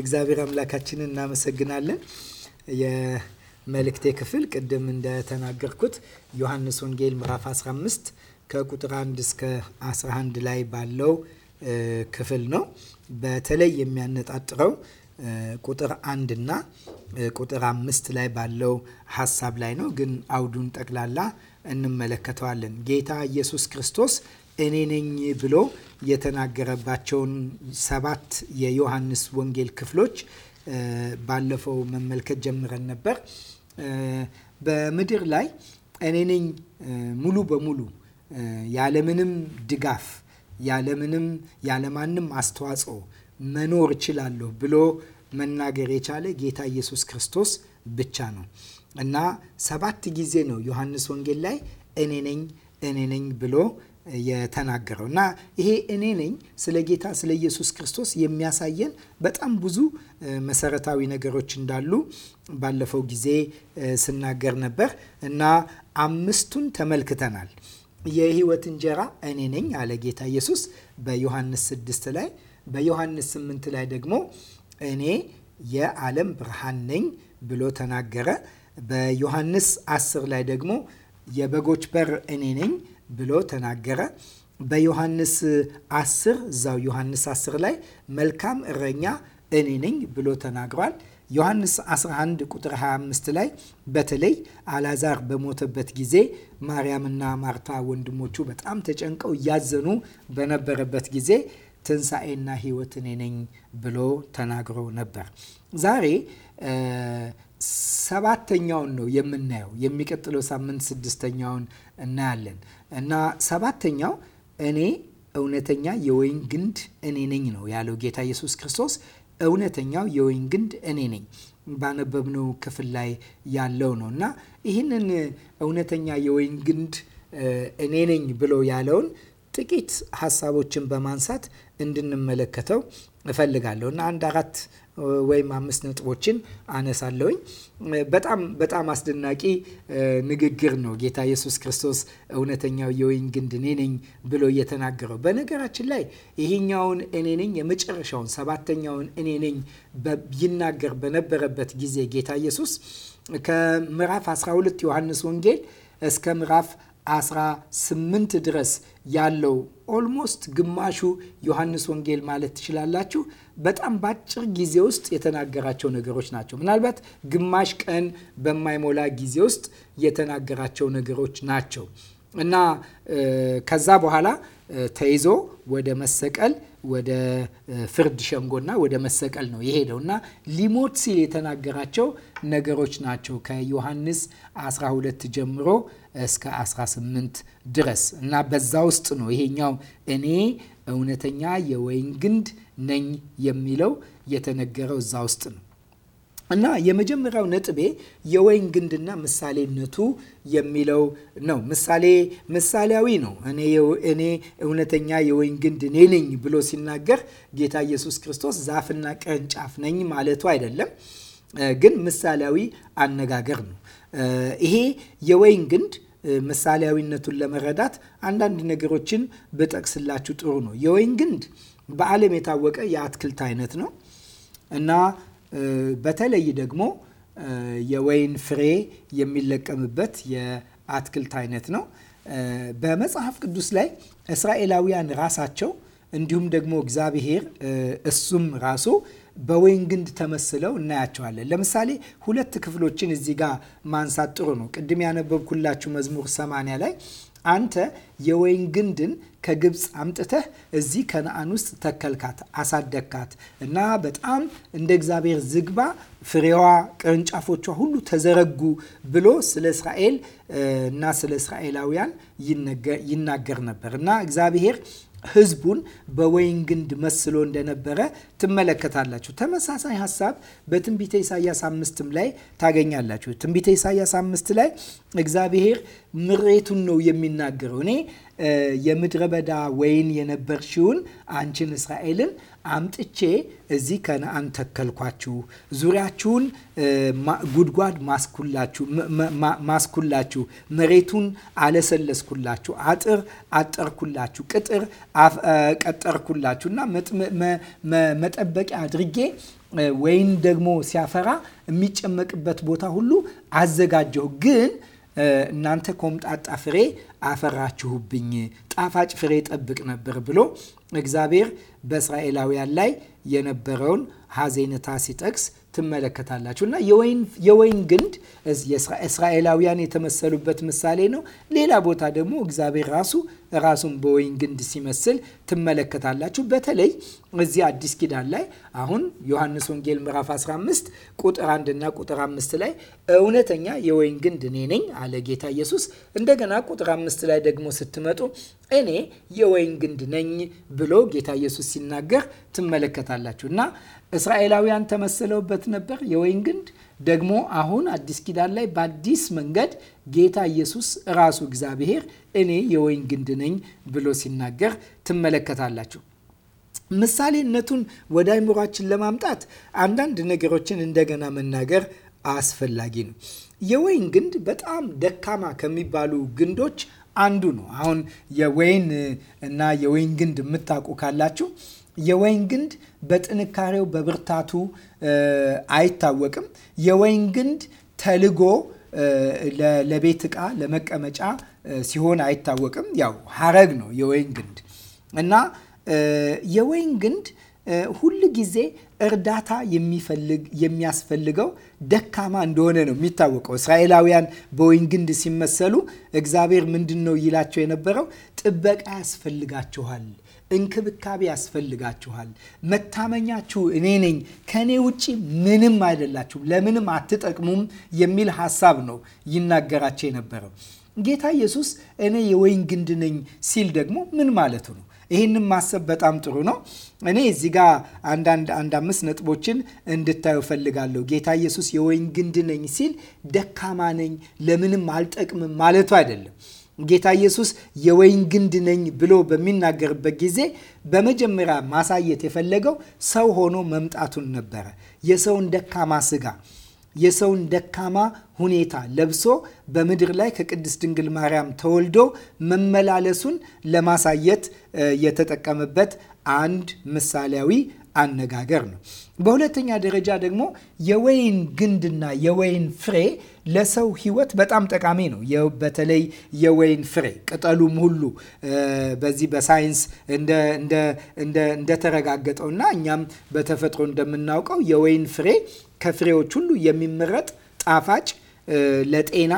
እግዚአብሔር አምላካችንን እናመሰግናለን። የመልእክቴ ክፍል ቅድም እንደተናገርኩት ዮሐንስ ወንጌል ምዕራፍ 15 ከቁጥር 1 እስከ 11 ላይ ባለው ክፍል ነው። በተለይ የሚያነጣጥረው ቁጥር አንድ እና ቁጥር አምስት ላይ ባለው ሀሳብ ላይ ነው። ግን አውዱን ጠቅላላ እንመለከተዋለን። ጌታ ኢየሱስ ክርስቶስ እኔ ነኝ ብሎ የተናገረባቸውን ሰባት የዮሐንስ ወንጌል ክፍሎች ባለፈው መመልከት ጀምረን ነበር። በምድር ላይ እኔ ነኝ ሙሉ በሙሉ ያለምንም ድጋፍ ያለምንም ያለማንም አስተዋጽኦ መኖር እችላለሁ ብሎ መናገር የቻለ ጌታ ኢየሱስ ክርስቶስ ብቻ ነው እና ሰባት ጊዜ ነው ዮሐንስ ወንጌል ላይ እኔ ነኝ እኔ ነኝ ብሎ የተናገረው እና ይሄ እኔ ነኝ ስለ ጌታ ስለ ኢየሱስ ክርስቶስ የሚያሳየን በጣም ብዙ መሰረታዊ ነገሮች እንዳሉ ባለፈው ጊዜ ስናገር ነበር እና አምስቱን ተመልክተናል። የህይወት እንጀራ እኔ ነኝ አለ ጌታ ኢየሱስ በዮሐንስ 6 ላይ። በዮሐንስ 8 ላይ ደግሞ እኔ የዓለም ብርሃን ነኝ ብሎ ተናገረ። በዮሐንስ 10 ላይ ደግሞ የበጎች በር እኔ ነኝ ብሎ ተናገረ። በዮሐንስ 10 እዛው ዮሐንስ 10 ላይ መልካም እረኛ እኔ ነኝ ብሎ ተናግሯል። ዮሐንስ 11 ቁጥር 25 ላይ በተለይ አላዛር በሞተበት ጊዜ ማርያምና ማርታ ወንድሞቹ በጣም ተጨንቀው እያዘኑ በነበረበት ጊዜ ትንሣኤና ሕይወት እኔ ነኝ ብሎ ተናግሮ ነበር። ዛሬ ሰባተኛውን ነው የምናየው። የሚቀጥለው ሳምንት ስድስተኛውን እናያለን እና ሰባተኛው እኔ እውነተኛ የወይን ግንድ እኔ ነኝ ነው ያለው ጌታ ኢየሱስ ክርስቶስ። እውነተኛው የወይን ግንድ እኔ ነኝ ባነበብነው ክፍል ላይ ያለው ነው እና ይህንን እውነተኛ የወይን ግንድ እኔ ነኝ ብሎ ያለውን ጥቂት ሀሳቦችን በማንሳት እንድንመለከተው እፈልጋለሁ እና አንድ አራት ወይም አምስት ነጥቦችን አነሳለሁኝ። በጣም በጣም አስደናቂ ንግግር ነው ጌታ ኢየሱስ ክርስቶስ እውነተኛው የወይን ግንድ እኔ ነኝ ብሎ እየተናገረው። በነገራችን ላይ ይሄኛውን እኔ ነኝ የመጨረሻውን ሰባተኛውን እኔ ነኝ ይናገር በነበረበት ጊዜ ጌታ ኢየሱስ ከምዕራፍ 12 ዮሐንስ ወንጌል እስከ ምዕራፍ 18 ድረስ ያለው ኦልሞስት ግማሹ ዮሐንስ ወንጌል ማለት ትችላላችሁ። በጣም በአጭር ጊዜ ውስጥ የተናገራቸው ነገሮች ናቸው። ምናልባት ግማሽ ቀን በማይሞላ ጊዜ ውስጥ የተናገራቸው ነገሮች ናቸው እና ከዛ በኋላ ተይዞ ወደ መሰቀል ወደ ፍርድ ሸንጎና ወደ መሰቀል ነው የሄደው እና ሊሞት ሲል የተናገራቸው ነገሮች ናቸው ከዮሐንስ 12 ጀምሮ እስከ 18 ድረስ እና በዛ ውስጥ ነው ይሄኛው እኔ እውነተኛ የወይን ግንድ ነኝ የሚለው የተነገረው እዛ ውስጥ ነው። እና የመጀመሪያው ነጥቤ የወይን ግንድና ምሳሌነቱ የሚለው ነው። ምሳሌ ምሳሌያዊ ነው። እኔ እውነተኛ የወይን ግንድ እኔ ነኝ ብሎ ሲናገር ጌታ ኢየሱስ ክርስቶስ ዛፍና ቅርንጫፍ ነኝ ማለቱ አይደለም፣ ግን ምሳሌያዊ አነጋገር ነው። ይሄ የወይን ግንድ ምሳሌያዊነቱን ለመረዳት አንዳንድ ነገሮችን ብጠቅስላችሁ ጥሩ ነው። የወይን ግንድ በዓለም የታወቀ የአትክልት አይነት ነው እና በተለይ ደግሞ የወይን ፍሬ የሚለቀምበት የአትክልት አይነት ነው። በመጽሐፍ ቅዱስ ላይ እስራኤላውያን ራሳቸው እንዲሁም ደግሞ እግዚአብሔር እሱም ራሱ በወይን ግንድ ተመስለው እናያቸዋለን። ለምሳሌ ሁለት ክፍሎችን እዚህ ጋር ማንሳት ጥሩ ነው። ቅድም ያነበብኩላችሁ መዝሙር ሰማንያ ላይ አንተ የወይን ግንድን ከግብፅ አምጥተህ እዚህ ከነአን ውስጥ ተከልካት፣ አሳደግካት እና በጣም እንደ እግዚአብሔር ዝግባ ፍሬዋ፣ ቅርንጫፎቿ ሁሉ ተዘረጉ ብሎ ስለ እስራኤል እና ስለ እስራኤላውያን ይናገር ነበር እና እግዚአብሔር ህዝቡን በወይን ግንድ መስሎ እንደነበረ ትመለከታላችሁ። ተመሳሳይ ሀሳብ በትንቢተ ኢሳያስ አምስትም ላይ ታገኛላችሁ። ትንቢተ ኢሳያስ አምስት ላይ እግዚአብሔር ምሬቱን ነው የሚናገረው እኔ የምድረ በዳ ወይን የነበርሽውን አንቺን እስራኤልን አምጥቼ እዚህ ከነአን ተከልኳችሁ፣ ዙሪያችሁን ጉድጓድ ማስኩላችሁ፣ መሬቱን አለሰለስኩላችሁ፣ አጥር አጠርኩላችሁ፣ ቅጥር ቀጠርኩላችሁ እና መጠበቂያ አድርጌ ወይን ደግሞ ሲያፈራ የሚጨመቅበት ቦታ ሁሉ አዘጋጀሁ ግን እናንተ ኮምጣጣ ፍሬ አፈራችሁብኝ፣ ጣፋጭ ፍሬ ጠብቅ ነበር ብሎ እግዚአብሔር በእስራኤላውያን ላይ የነበረውን ሐዘኔታ ሲጠቅስ ትመለከታላችሁ እና የወይን ግንድ እስራኤላውያን የተመሰሉበት ምሳሌ ነው። ሌላ ቦታ ደግሞ እግዚአብሔር ራሱ ራሱን በወይን ግንድ ሲመስል ትመለከታላችሁ። በተለይ እዚህ አዲስ ኪዳን ላይ አሁን ዮሐንስ ወንጌል ምዕራፍ 15 ቁጥር 1 እና ቁጥር 5 ላይ እውነተኛ የወይን ግንድ እኔ ነኝ አለ ጌታ ኢየሱስ። እንደገና ቁጥር 5 ላይ ደግሞ ስትመጡ እኔ የወይን ግንድ ነኝ ብሎ ጌታ ኢየሱስ ሲናገር ትመለከታላችሁ እና እስራኤላውያን ተመስለውበት ነበር። የወይን ግንድ ደግሞ አሁን አዲስ ኪዳን ላይ በአዲስ መንገድ ጌታ ኢየሱስ ራሱ እግዚአብሔር እኔ የወይን ግንድ ነኝ ብሎ ሲናገር ትመለከታላችሁ። ምሳሌነቱን ወደ አይምሯችን ለማምጣት አንዳንድ ነገሮችን እንደገና መናገር አስፈላጊ ነው። የወይን ግንድ በጣም ደካማ ከሚባሉ ግንዶች አንዱ ነው። አሁን የወይን እና የወይን ግንድ የምታውቁ ካላችሁ የወይን ግንድ በጥንካሬው በብርታቱ አይታወቅም። የወይን ግንድ ተልጎ ለቤት ዕቃ ለመቀመጫ ሲሆን አይታወቅም። ያው ሀረግ ነው የወይን ግንድ እና የወይን ግንድ ሁል ጊዜ እርዳታ የሚፈልግ የሚያስፈልገው ደካማ እንደሆነ ነው የሚታወቀው። እስራኤላውያን በወይን ግንድ ሲመሰሉ እግዚአብሔር ምንድን ነው ይላቸው የነበረው? ጥበቃ ያስፈልጋችኋል እንክብካቤ ያስፈልጋችኋል። መታመኛችሁ እኔ ነኝ፣ ከእኔ ውጭ ምንም አይደላችሁም፣ ለምንም አትጠቅሙም የሚል ሀሳብ ነው ይናገራቸው የነበረው። ጌታ ኢየሱስ እኔ የወይን ግንድ ነኝ ሲል ደግሞ ምን ማለቱ ነው? ይህንም ማሰብ በጣም ጥሩ ነው። እኔ እዚህ ጋር አንዳንድ አንድ አምስት ነጥቦችን እንድታዩ ፈልጋለሁ። ጌታ ኢየሱስ የወይን ግንድ ነኝ ሲል ደካማ ነኝ፣ ለምንም አልጠቅምም ማለቱ አይደለም ጌታ ኢየሱስ የወይን ግንድ ነኝ ብሎ በሚናገርበት ጊዜ በመጀመሪያ ማሳየት የፈለገው ሰው ሆኖ መምጣቱን ነበረ። የሰውን ደካማ ስጋ፣ የሰውን ደካማ ሁኔታ ለብሶ በምድር ላይ ከቅድስት ድንግል ማርያም ተወልዶ መመላለሱን ለማሳየት የተጠቀመበት አንድ ምሳሌያዊ አነጋገር ነው። በሁለተኛ ደረጃ ደግሞ የወይን ግንድና የወይን ፍሬ ለሰው ህይወት በጣም ጠቃሚ ነው። በተለይ የወይን ፍሬ ቅጠሉም ሁሉ በዚህ በሳይንስ እንደተረጋገጠው እና እኛም በተፈጥሮ እንደምናውቀው የወይን ፍሬ ከፍሬዎች ሁሉ የሚመረጥ ጣፋጭ፣ ለጤና፣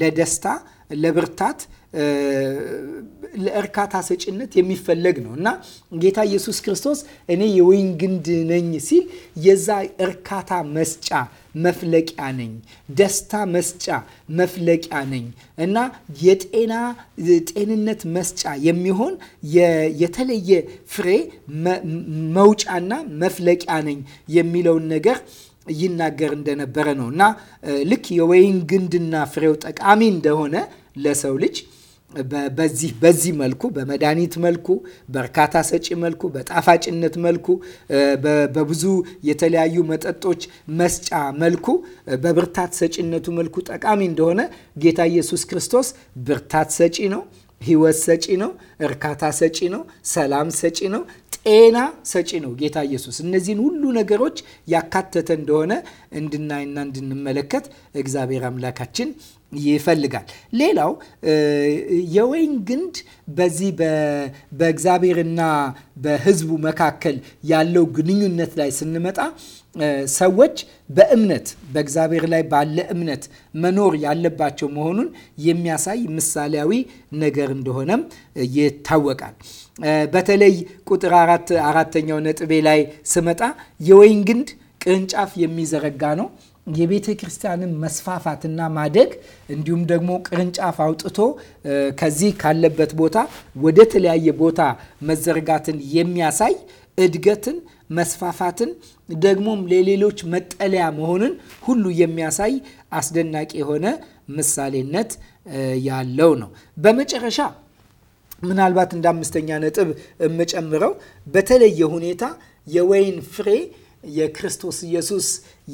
ለደስታ፣ ለብርታት ለእርካታ ሰጭነት የሚፈለግ ነው እና ጌታ ኢየሱስ ክርስቶስ እኔ የወይን ግንድ ነኝ ሲል የዛ እርካታ መስጫ መፍለቂያ ነኝ፣ ደስታ መስጫ መፍለቂያ ነኝ እና የጤና ጤንነት መስጫ የሚሆን የተለየ ፍሬ መውጫና መፍለቂያ ነኝ የሚለውን ነገር ይናገር እንደነበረ ነው እና ልክ የወይን ግንድና ፍሬው ጠቃሚ እንደሆነ ለሰው ልጅ በዚህ በዚህ መልኩ በመድኃኒት መልኩ በእርካታ ሰጪ መልኩ በጣፋጭነት መልኩ በብዙ የተለያዩ መጠጦች መስጫ መልኩ በብርታት ሰጪነቱ መልኩ ጠቃሚ እንደሆነ ጌታ ኢየሱስ ክርስቶስ ብርታት ሰጪ ነው፣ ሕይወት ሰጪ ነው፣ እርካታ ሰጪ ነው፣ ሰላም ሰጪ ነው፣ ጤና ሰጪ ነው። ጌታ ኢየሱስ እነዚህን ሁሉ ነገሮች ያካተተ እንደሆነ እንድናይና እንድንመለከት እግዚአብሔር አምላካችን ይፈልጋል። ሌላው የወይን ግንድ በዚህ በእግዚአብሔርና በሕዝቡ መካከል ያለው ግንኙነት ላይ ስንመጣ ሰዎች በእምነት በእግዚአብሔር ላይ ባለ እምነት መኖር ያለባቸው መሆኑን የሚያሳይ ምሳሌያዊ ነገር እንደሆነም ይታወቃል። በተለይ ቁጥር አራት አራተኛው ነጥቤ ላይ ስመጣ የወይን ግንድ ቅርንጫፍ የሚዘረጋ ነው የቤተ ክርስቲያንን መስፋፋትና ማደግ እንዲሁም ደግሞ ቅርንጫፍ አውጥቶ ከዚህ ካለበት ቦታ ወደ ተለያየ ቦታ መዘርጋትን የሚያሳይ እድገትን፣ መስፋፋትን ደግሞም ለሌሎች መጠለያ መሆንን ሁሉ የሚያሳይ አስደናቂ የሆነ ምሳሌነት ያለው ነው። በመጨረሻ ምናልባት እንደ አምስተኛ ነጥብ የምጨምረው በተለየ ሁኔታ የወይን ፍሬ የክርስቶስ ኢየሱስ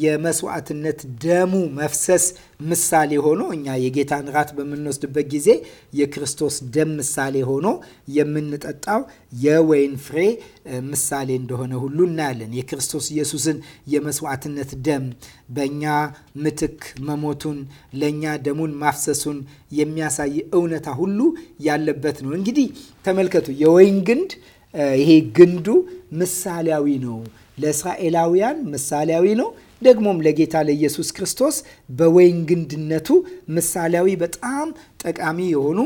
የመስዋዕትነት ደሙ መፍሰስ ምሳሌ ሆኖ እኛ የጌታን ራት በምንወስድበት ጊዜ የክርስቶስ ደም ምሳሌ ሆኖ የምንጠጣው የወይን ፍሬ ምሳሌ እንደሆነ ሁሉ እናያለን። የክርስቶስ ኢየሱስን የመስዋዕትነት ደም በእኛ ምትክ መሞቱን፣ ለእኛ ደሙን ማፍሰሱን የሚያሳይ እውነታ ሁሉ ያለበት ነው። እንግዲህ ተመልከቱ፣ የወይን ግንድ ይሄ ግንዱ ምሳሌያዊ ነው ለእስራኤላውያን ምሳሌያዊ ነው። ደግሞም ለጌታ ለኢየሱስ ክርስቶስ በወይን ግንድነቱ ምሳሌያዊ በጣም ጠቃሚ የሆኑ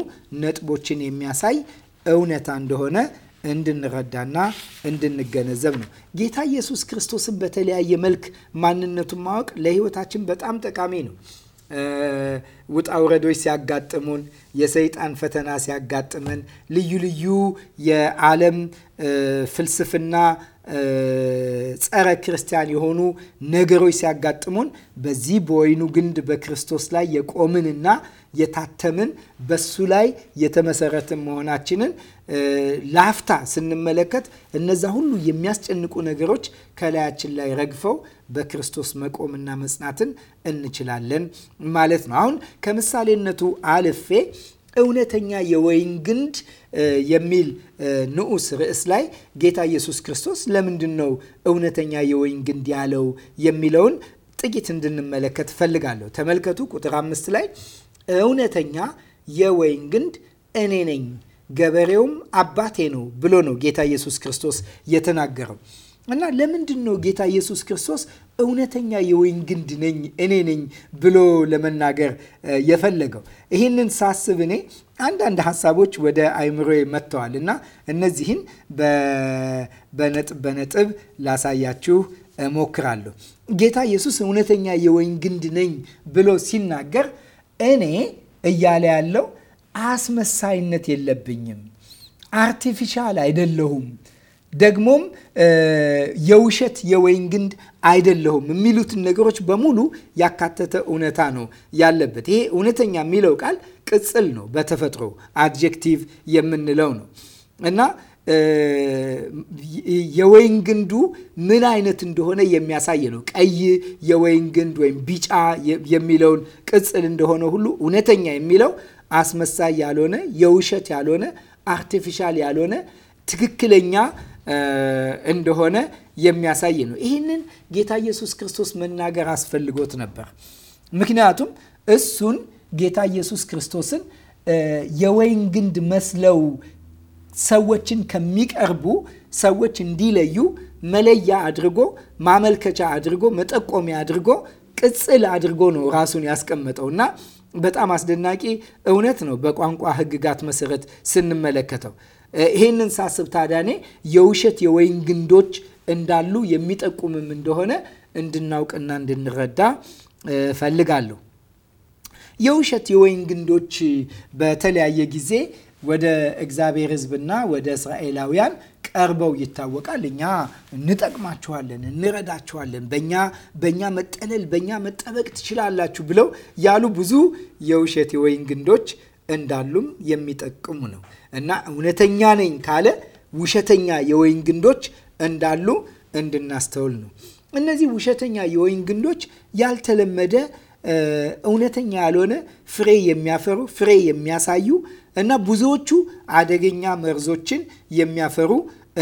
ነጥቦችን የሚያሳይ እውነታ እንደሆነ እንድንረዳና እንድንገነዘብ ነው። ጌታ ኢየሱስ ክርስቶስን በተለያየ መልክ ማንነቱን ማወቅ ለሕይወታችን በጣም ጠቃሚ ነው። ውጣ ውረዶች ሲያጋጥሙን፣ የሰይጣን ፈተና ሲያጋጥመን፣ ልዩ ልዩ የዓለም ፍልስፍና ጸረ ክርስቲያን የሆኑ ነገሮች ሲያጋጥሙን በዚህ በወይኑ ግንድ በክርስቶስ ላይ የቆምንና የታተምን በሱ ላይ የተመሰረትን መሆናችንን ላፍታ ስንመለከት እነዛ ሁሉ የሚያስጨንቁ ነገሮች ከላያችን ላይ ረግፈው በክርስቶስ መቆምና መጽናትን እንችላለን ማለት ነው። አሁን ከምሳሌነቱ አልፌ እውነተኛ የወይን ግንድ የሚል ንዑስ ርዕስ ላይ ጌታ ኢየሱስ ክርስቶስ ለምንድን ነው እውነተኛ የወይን ግንድ ያለው የሚለውን ጥቂት እንድንመለከት እፈልጋለሁ። ተመልከቱ፣ ቁጥር አምስት ላይ እውነተኛ የወይን ግንድ እኔ ነኝ፣ ገበሬውም አባቴ ነው ብሎ ነው ጌታ ኢየሱስ ክርስቶስ የተናገረው። እና ለምንድን ነው ጌታ ኢየሱስ ክርስቶስ እውነተኛ የወይን ግንድ ነኝ እኔ ነኝ ብሎ ለመናገር የፈለገው። ይህንን ሳስብ እኔ አንዳንድ ሀሳቦች ወደ አይምሮ መጥተዋል እና እነዚህን በነጥብ በነጥብ ላሳያችሁ እሞክራለሁ። ጌታ ኢየሱስ እውነተኛ የወይን ግንድ ነኝ ብሎ ሲናገር እኔ እያለ ያለው አስመሳይነት የለብኝም፣ አርቲፊሻል አይደለሁም ደግሞም የውሸት የወይን ግንድ አይደለሁም የሚሉትን ነገሮች በሙሉ ያካተተ እውነታ ነው ያለበት። ይሄ እውነተኛ የሚለው ቃል ቅጽል ነው፣ በተፈጥሮ አድጀክቲቭ የምንለው ነው እና የወይን ግንዱ ምን አይነት እንደሆነ የሚያሳይ ነው። ቀይ የወይን ግንድ ወይም ቢጫ የሚለውን ቅጽል እንደሆነ ሁሉ እውነተኛ የሚለው አስመሳይ ያልሆነ፣ የውሸት ያልሆነ፣ አርቲፊሻል ያልሆነ ትክክለኛ እንደሆነ የሚያሳይ ነው። ይህንን ጌታ ኢየሱስ ክርስቶስ መናገር አስፈልጎት ነበር። ምክንያቱም እሱን ጌታ ኢየሱስ ክርስቶስን የወይን ግንድ መስለው ሰዎችን ከሚቀርቡ ሰዎች እንዲለዩ መለያ አድርጎ ማመልከቻ አድርጎ መጠቆሚያ አድርጎ ቅጽል አድርጎ ነው ራሱን ያስቀመጠው እና በጣም አስደናቂ እውነት ነው። በቋንቋ ሕግጋት መሰረት ስንመለከተው ይህንን ሳስብ ታዲያ እኔ የውሸት የወይን ግንዶች እንዳሉ የሚጠቁምም እንደሆነ እንድናውቅና እንድንረዳ ፈልጋለሁ። የውሸት የወይን ግንዶች በተለያየ ጊዜ ወደ እግዚአብሔር ሕዝብና ወደ እስራኤላውያን ቀርበው ይታወቃል። እኛ እንጠቅማችኋለን፣ እንረዳችኋለን፣ በእኛ በእኛ መጠለል በእኛ መጠበቅ ትችላላችሁ ብለው ያሉ ብዙ የውሸት የወይን ግንዶች እንዳሉም የሚጠቅሙ ነው። እና እውነተኛ ነኝ ካለ ውሸተኛ የወይን ግንዶች እንዳሉ እንድናስተውል ነው። እነዚህ ውሸተኛ የወይን ግንዶች ያልተለመደ እውነተኛ ያልሆነ ፍሬ የሚያፈሩ ፍሬ የሚያሳዩ እና ብዙዎቹ አደገኛ መርዞችን የሚያፈሩ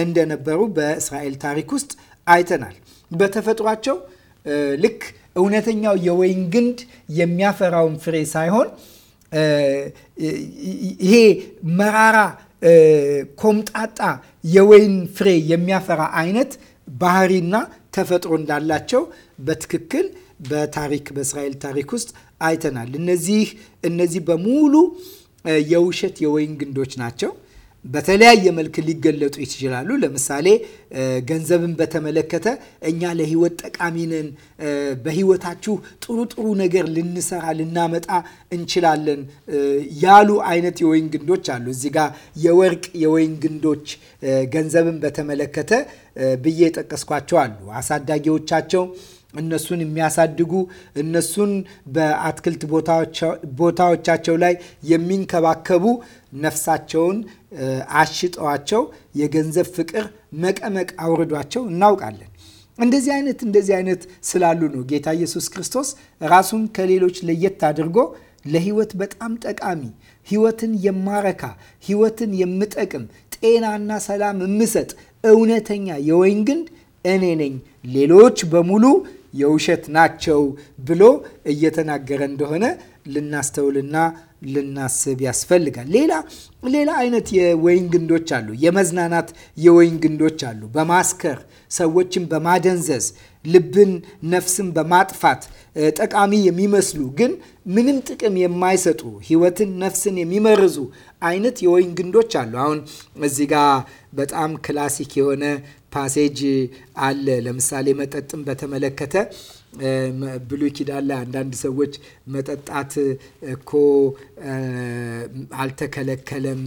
እንደነበሩ በእስራኤል ታሪክ ውስጥ አይተናል። በተፈጥሯቸው ልክ እውነተኛው የወይን ግንድ የሚያፈራውን ፍሬ ሳይሆን ይሄ መራራ ኮምጣጣ የወይን ፍሬ የሚያፈራ አይነት ባህሪና ተፈጥሮ እንዳላቸው በትክክል በታሪክ በእስራኤል ታሪክ ውስጥ አይተናል። እነዚህ እነዚህ በሙሉ የውሸት የወይን ግንዶች ናቸው። በተለያየ መልክ ሊገለጡ ይችላሉ። ለምሳሌ ገንዘብን በተመለከተ እኛ ለህይወት ጠቃሚ ነን፣ ጥሩ ጥሩ ነገር ልንሰራ ልናመጣ እንችላለን ያሉ አይነት የወይን ግንዶች አሉ። እዚህ ጋር የወርቅ የወይን ግንዶች ገንዘብን በተመለከተ ብዬ የጠቀስኳቸው አሉ። አሳዳጊዎቻቸው እነሱን የሚያሳድጉ እነሱን በአትክልት ቦታዎቻቸው ላይ የሚንከባከቡ ነፍሳቸውን አሽጠዋቸው የገንዘብ ፍቅር መቀመቅ አውርዷቸው እናውቃለን። እንደዚህ አይነት እንደዚህ አይነት ስላሉ ነው ጌታ ኢየሱስ ክርስቶስ ራሱን ከሌሎች ለየት አድርጎ ለህይወት በጣም ጠቃሚ ህይወትን የማረካ ህይወትን የምጠቅም ጤናና ሰላም የምሰጥ እውነተኛ የወይን ግንድ እኔ ነኝ ሌሎች በሙሉ የውሸት ናቸው ብሎ እየተናገረ እንደሆነ ልናስተውልና ልናስብ ያስፈልጋል። ሌላ ሌላ አይነት የወይን ግንዶች አሉ። የመዝናናት የወይን ግንዶች አሉ። በማስከር ሰዎችን በማደንዘዝ ልብን፣ ነፍስን በማጥፋት ጠቃሚ የሚመስሉ ግን ምንም ጥቅም የማይሰጡ ሕይወትን፣ ነፍስን የሚመርዙ አይነት የወይን ግንዶች አሉ። አሁን እዚህ ጋር በጣም ክላሲክ የሆነ ፓሴጅ አለ። ለምሳሌ መጠጥን በተመለከተ ብሉይ ኪዳን ላይ አንዳንድ ሰዎች መጠጣት እኮ አልተከለከለም፣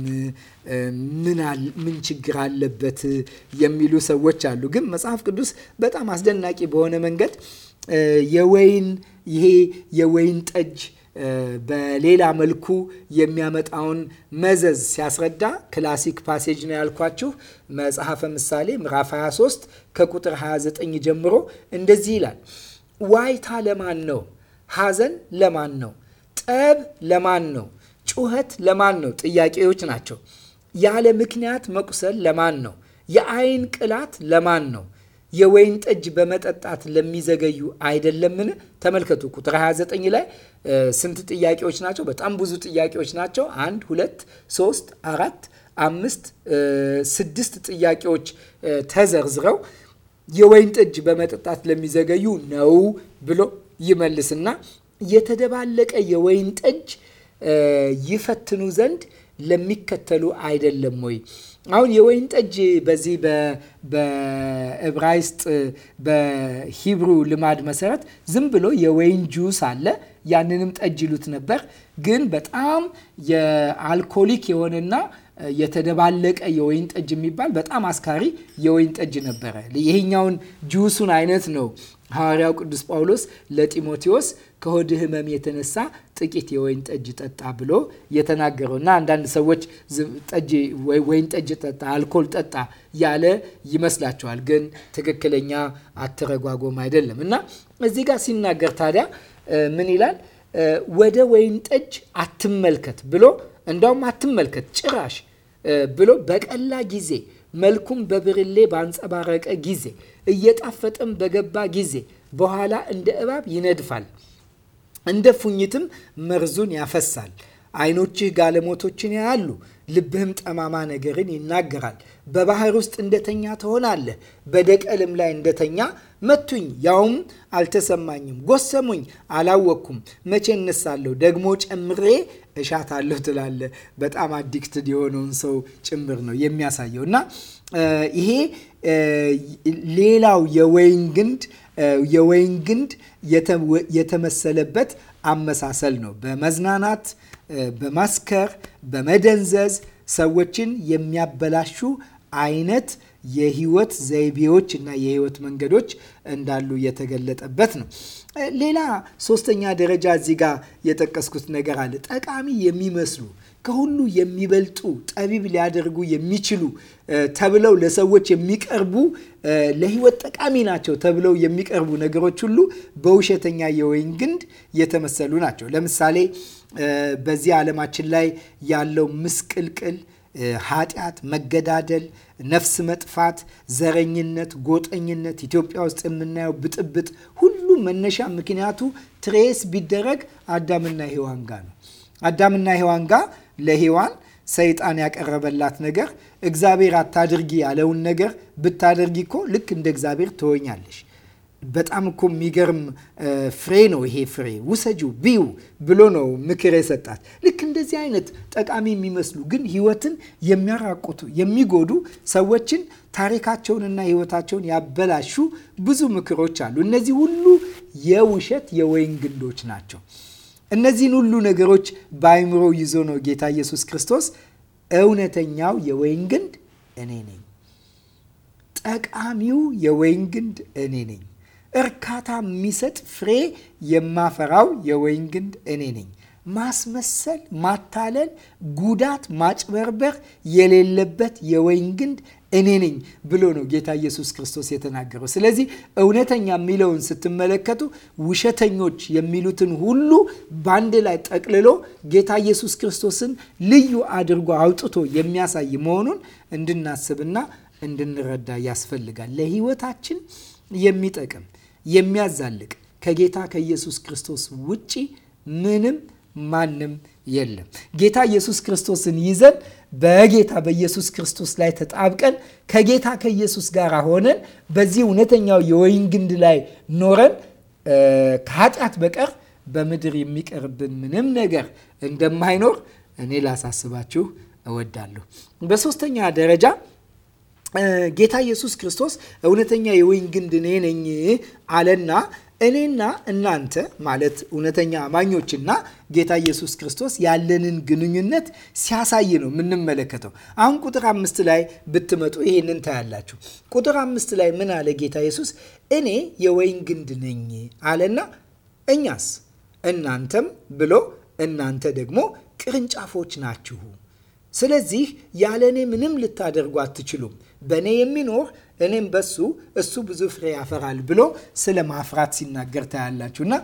ምን ችግር አለበት የሚሉ ሰዎች አሉ። ግን መጽሐፍ ቅዱስ በጣም አስደናቂ በሆነ መንገድ የወይን ይሄ የወይን ጠጅ በሌላ መልኩ የሚያመጣውን መዘዝ ሲያስረዳ ክላሲክ ፓሴጅ ነው ያልኳችሁ። መጽሐፈ ምሳሌ ምዕራፍ 23 ከቁጥር 29 ጀምሮ እንደዚህ ይላል። ዋይታ ለማን ነው? ሐዘን ለማን ነው? ጠብ ለማን ነው? ጩኸት ለማን ነው? ጥያቄዎች ናቸው። ያለ ምክንያት መቁሰል ለማን ነው? የአይን ቅላት ለማን ነው? የወይን ጠጅ በመጠጣት ለሚዘገዩ አይደለምን? ተመልከቱ ቁጥር 29 ላይ ስንት ጥያቄዎች ናቸው? በጣም ብዙ ጥያቄዎች ናቸው። አንድ፣ ሁለት፣ ሶስት፣ አራት፣ አምስት፣ ስድስት ጥያቄዎች ተዘርዝረው የወይን ጠጅ በመጠጣት ለሚዘገዩ ነው ብሎ ይመልስና የተደባለቀ የወይን ጠጅ ይፈትኑ ዘንድ ለሚከተሉ አይደለም ወይ አሁን የወይን ጠጅ በዚህ በዕብራይስጥ በሂብሩ ልማድ መሰረት ዝም ብሎ የወይን ጁስ አለ። ያንንም ጠጅ ይሉት ነበር። ግን በጣም የአልኮሊክ የሆነና የተደባለቀ የወይን ጠጅ የሚባል በጣም አስካሪ የወይን ጠጅ ነበረ። ይሄኛውን ጁሱን አይነት ነው ሐዋርያው ቅዱስ ጳውሎስ ለጢሞቴዎስ ከሆድ ህመም የተነሳ ጥቂት የወይን ጠጅ ጠጣ ብሎ የተናገረው እና አንዳንድ ሰዎች ጠጅ ወይን ጠጅ ጠጣ፣ አልኮል ጠጣ ያለ ይመስላቸዋል። ግን ትክክለኛ አተረጓጎም አይደለም እና እዚህ ጋር ሲናገር ታዲያ ምን ይላል? ወደ ወይን ጠጅ አትመልከት ብሎ እንዳውም አትመልከት ጭራሽ ብሎ በቀላ ጊዜ መልኩም በብርሌ ባንጸባረቀ ጊዜ እየጣፈጠም በገባ ጊዜ በኋላ እንደ እባብ ይነድፋል እንደ ፉኝትም መርዙን ያፈሳል። አይኖችህ ጋለሞቶችን ያያሉ፣ ልብህም ጠማማ ነገርን ይናገራል። በባህር ውስጥ እንደተኛ ትሆናለህ፣ በደቀልም ላይ እንደተኛ መቱኝ፣ ያውም አልተሰማኝም፣ ጎሰሙኝ፣ አላወቅኩም። መቼ እነሳለሁ? ደግሞ ጨምሬ እሻታለሁ ትላለ በጣም አዲክትድ የሆነውን ሰው ጭምር ነው የሚያሳየው እና ይሄ ሌላው የወይን ግንድ የወይን ግንድ የተመሰለበት አመሳሰል ነው። በመዝናናት በማስከር በመደንዘዝ ሰዎችን የሚያበላሹ አይነት የህይወት ዘይቤዎች እና የህይወት መንገዶች እንዳሉ የተገለጠበት ነው። ሌላ ሶስተኛ ደረጃ እዚህ ጋር የጠቀስኩት ነገር አለ። ጠቃሚ የሚመስሉ ከሁሉ የሚበልጡ ጠቢብ ሊያደርጉ የሚችሉ ተብለው ለሰዎች የሚቀርቡ ለሕይወት ጠቃሚ ናቸው ተብለው የሚቀርቡ ነገሮች ሁሉ በውሸተኛ የወይን ግንድ የተመሰሉ ናቸው። ለምሳሌ በዚህ ዓለማችን ላይ ያለው ምስቅልቅል ኃጢአት፣ መገዳደል፣ ነፍስ መጥፋት፣ ዘረኝነት፣ ጎጠኝነት፣ ኢትዮጵያ ውስጥ የምናየው ብጥብጥ ሁሉ መነሻ ምክንያቱ ትሬስ ቢደረግ አዳምና ሔዋን ጋር ነው። አዳምና ሔዋን ጋር ለሔዋን ሰይጣን ያቀረበላት ነገር እግዚአብሔር አታድርጊ ያለውን ነገር ብታደርጊ እኮ ልክ እንደ እግዚአብሔር ትሆኛለሽ በጣም እኮ የሚገርም ፍሬ ነው ይሄ ፍሬ ውሰጁ ቢዩ ብሎ ነው ምክር የሰጣት። ልክ እንደዚህ አይነት ጠቃሚ የሚመስሉ ግን ህይወትን የሚያራቁቱ የሚጎዱ ሰዎችን ታሪካቸውንና ህይወታቸውን ያበላሹ ብዙ ምክሮች አሉ። እነዚህ ሁሉ የውሸት የወይን ግንዶች ናቸው። እነዚህን ሁሉ ነገሮች በአይምሮ ይዞ ነው ጌታ ኢየሱስ ክርስቶስ እውነተኛው የወይን ግንድ እኔ ነኝ፣ ጠቃሚው የወይን ግንድ እኔ ነኝ እርካታ የሚሰጥ ፍሬ የማፈራው የወይን ግንድ እኔ ነኝ። ማስመሰል፣ ማታለል፣ ጉዳት፣ ማጭበርበር የሌለበት የወይን ግንድ እኔ ነኝ ብሎ ነው ጌታ ኢየሱስ ክርስቶስ የተናገረው። ስለዚህ እውነተኛ የሚለውን ስትመለከቱ ውሸተኞች የሚሉትን ሁሉ በአንድ ላይ ጠቅልሎ ጌታ ኢየሱስ ክርስቶስን ልዩ አድርጎ አውጥቶ የሚያሳይ መሆኑን እንድናስብና እንድንረዳ ያስፈልጋል። ለሕይወታችን የሚጠቅም የሚያዛልቅ ከጌታ ከኢየሱስ ክርስቶስ ውጪ ምንም ማንም የለም። ጌታ ኢየሱስ ክርስቶስን ይዘን በጌታ በኢየሱስ ክርስቶስ ላይ ተጣብቀን ከጌታ ከኢየሱስ ጋር ሆነን በዚህ እውነተኛው የወይን ግንድ ላይ ኖረን ከኃጢአት በቀር በምድር የሚቀርብን ምንም ነገር እንደማይኖር እኔ ላሳስባችሁ እወዳለሁ። በሶስተኛ ደረጃ ጌታ ኢየሱስ ክርስቶስ እውነተኛ የወይን ግንድ እኔ ነኝ አለና እኔና እናንተ ማለት እውነተኛ አማኞችና ጌታ ኢየሱስ ክርስቶስ ያለንን ግንኙነት ሲያሳይ ነው የምንመለከተው። አሁን ቁጥር አምስት ላይ ብትመጡ ይህንን ታያላችሁ። ቁጥር አምስት ላይ ምን አለ ጌታ ኢየሱስ? እኔ የወይን ግንድ ነኝ አለና እኛስ እናንተም ብሎ እናንተ ደግሞ ቅርንጫፎች ናችሁ። ስለዚህ ያለ እኔ ምንም ልታደርጉ አትችሉም። በእኔ የሚኖር እኔም በሱ እሱ ብዙ ፍሬ ያፈራል ብሎ ስለ ማፍራት ሲናገር ታያላችሁ። እና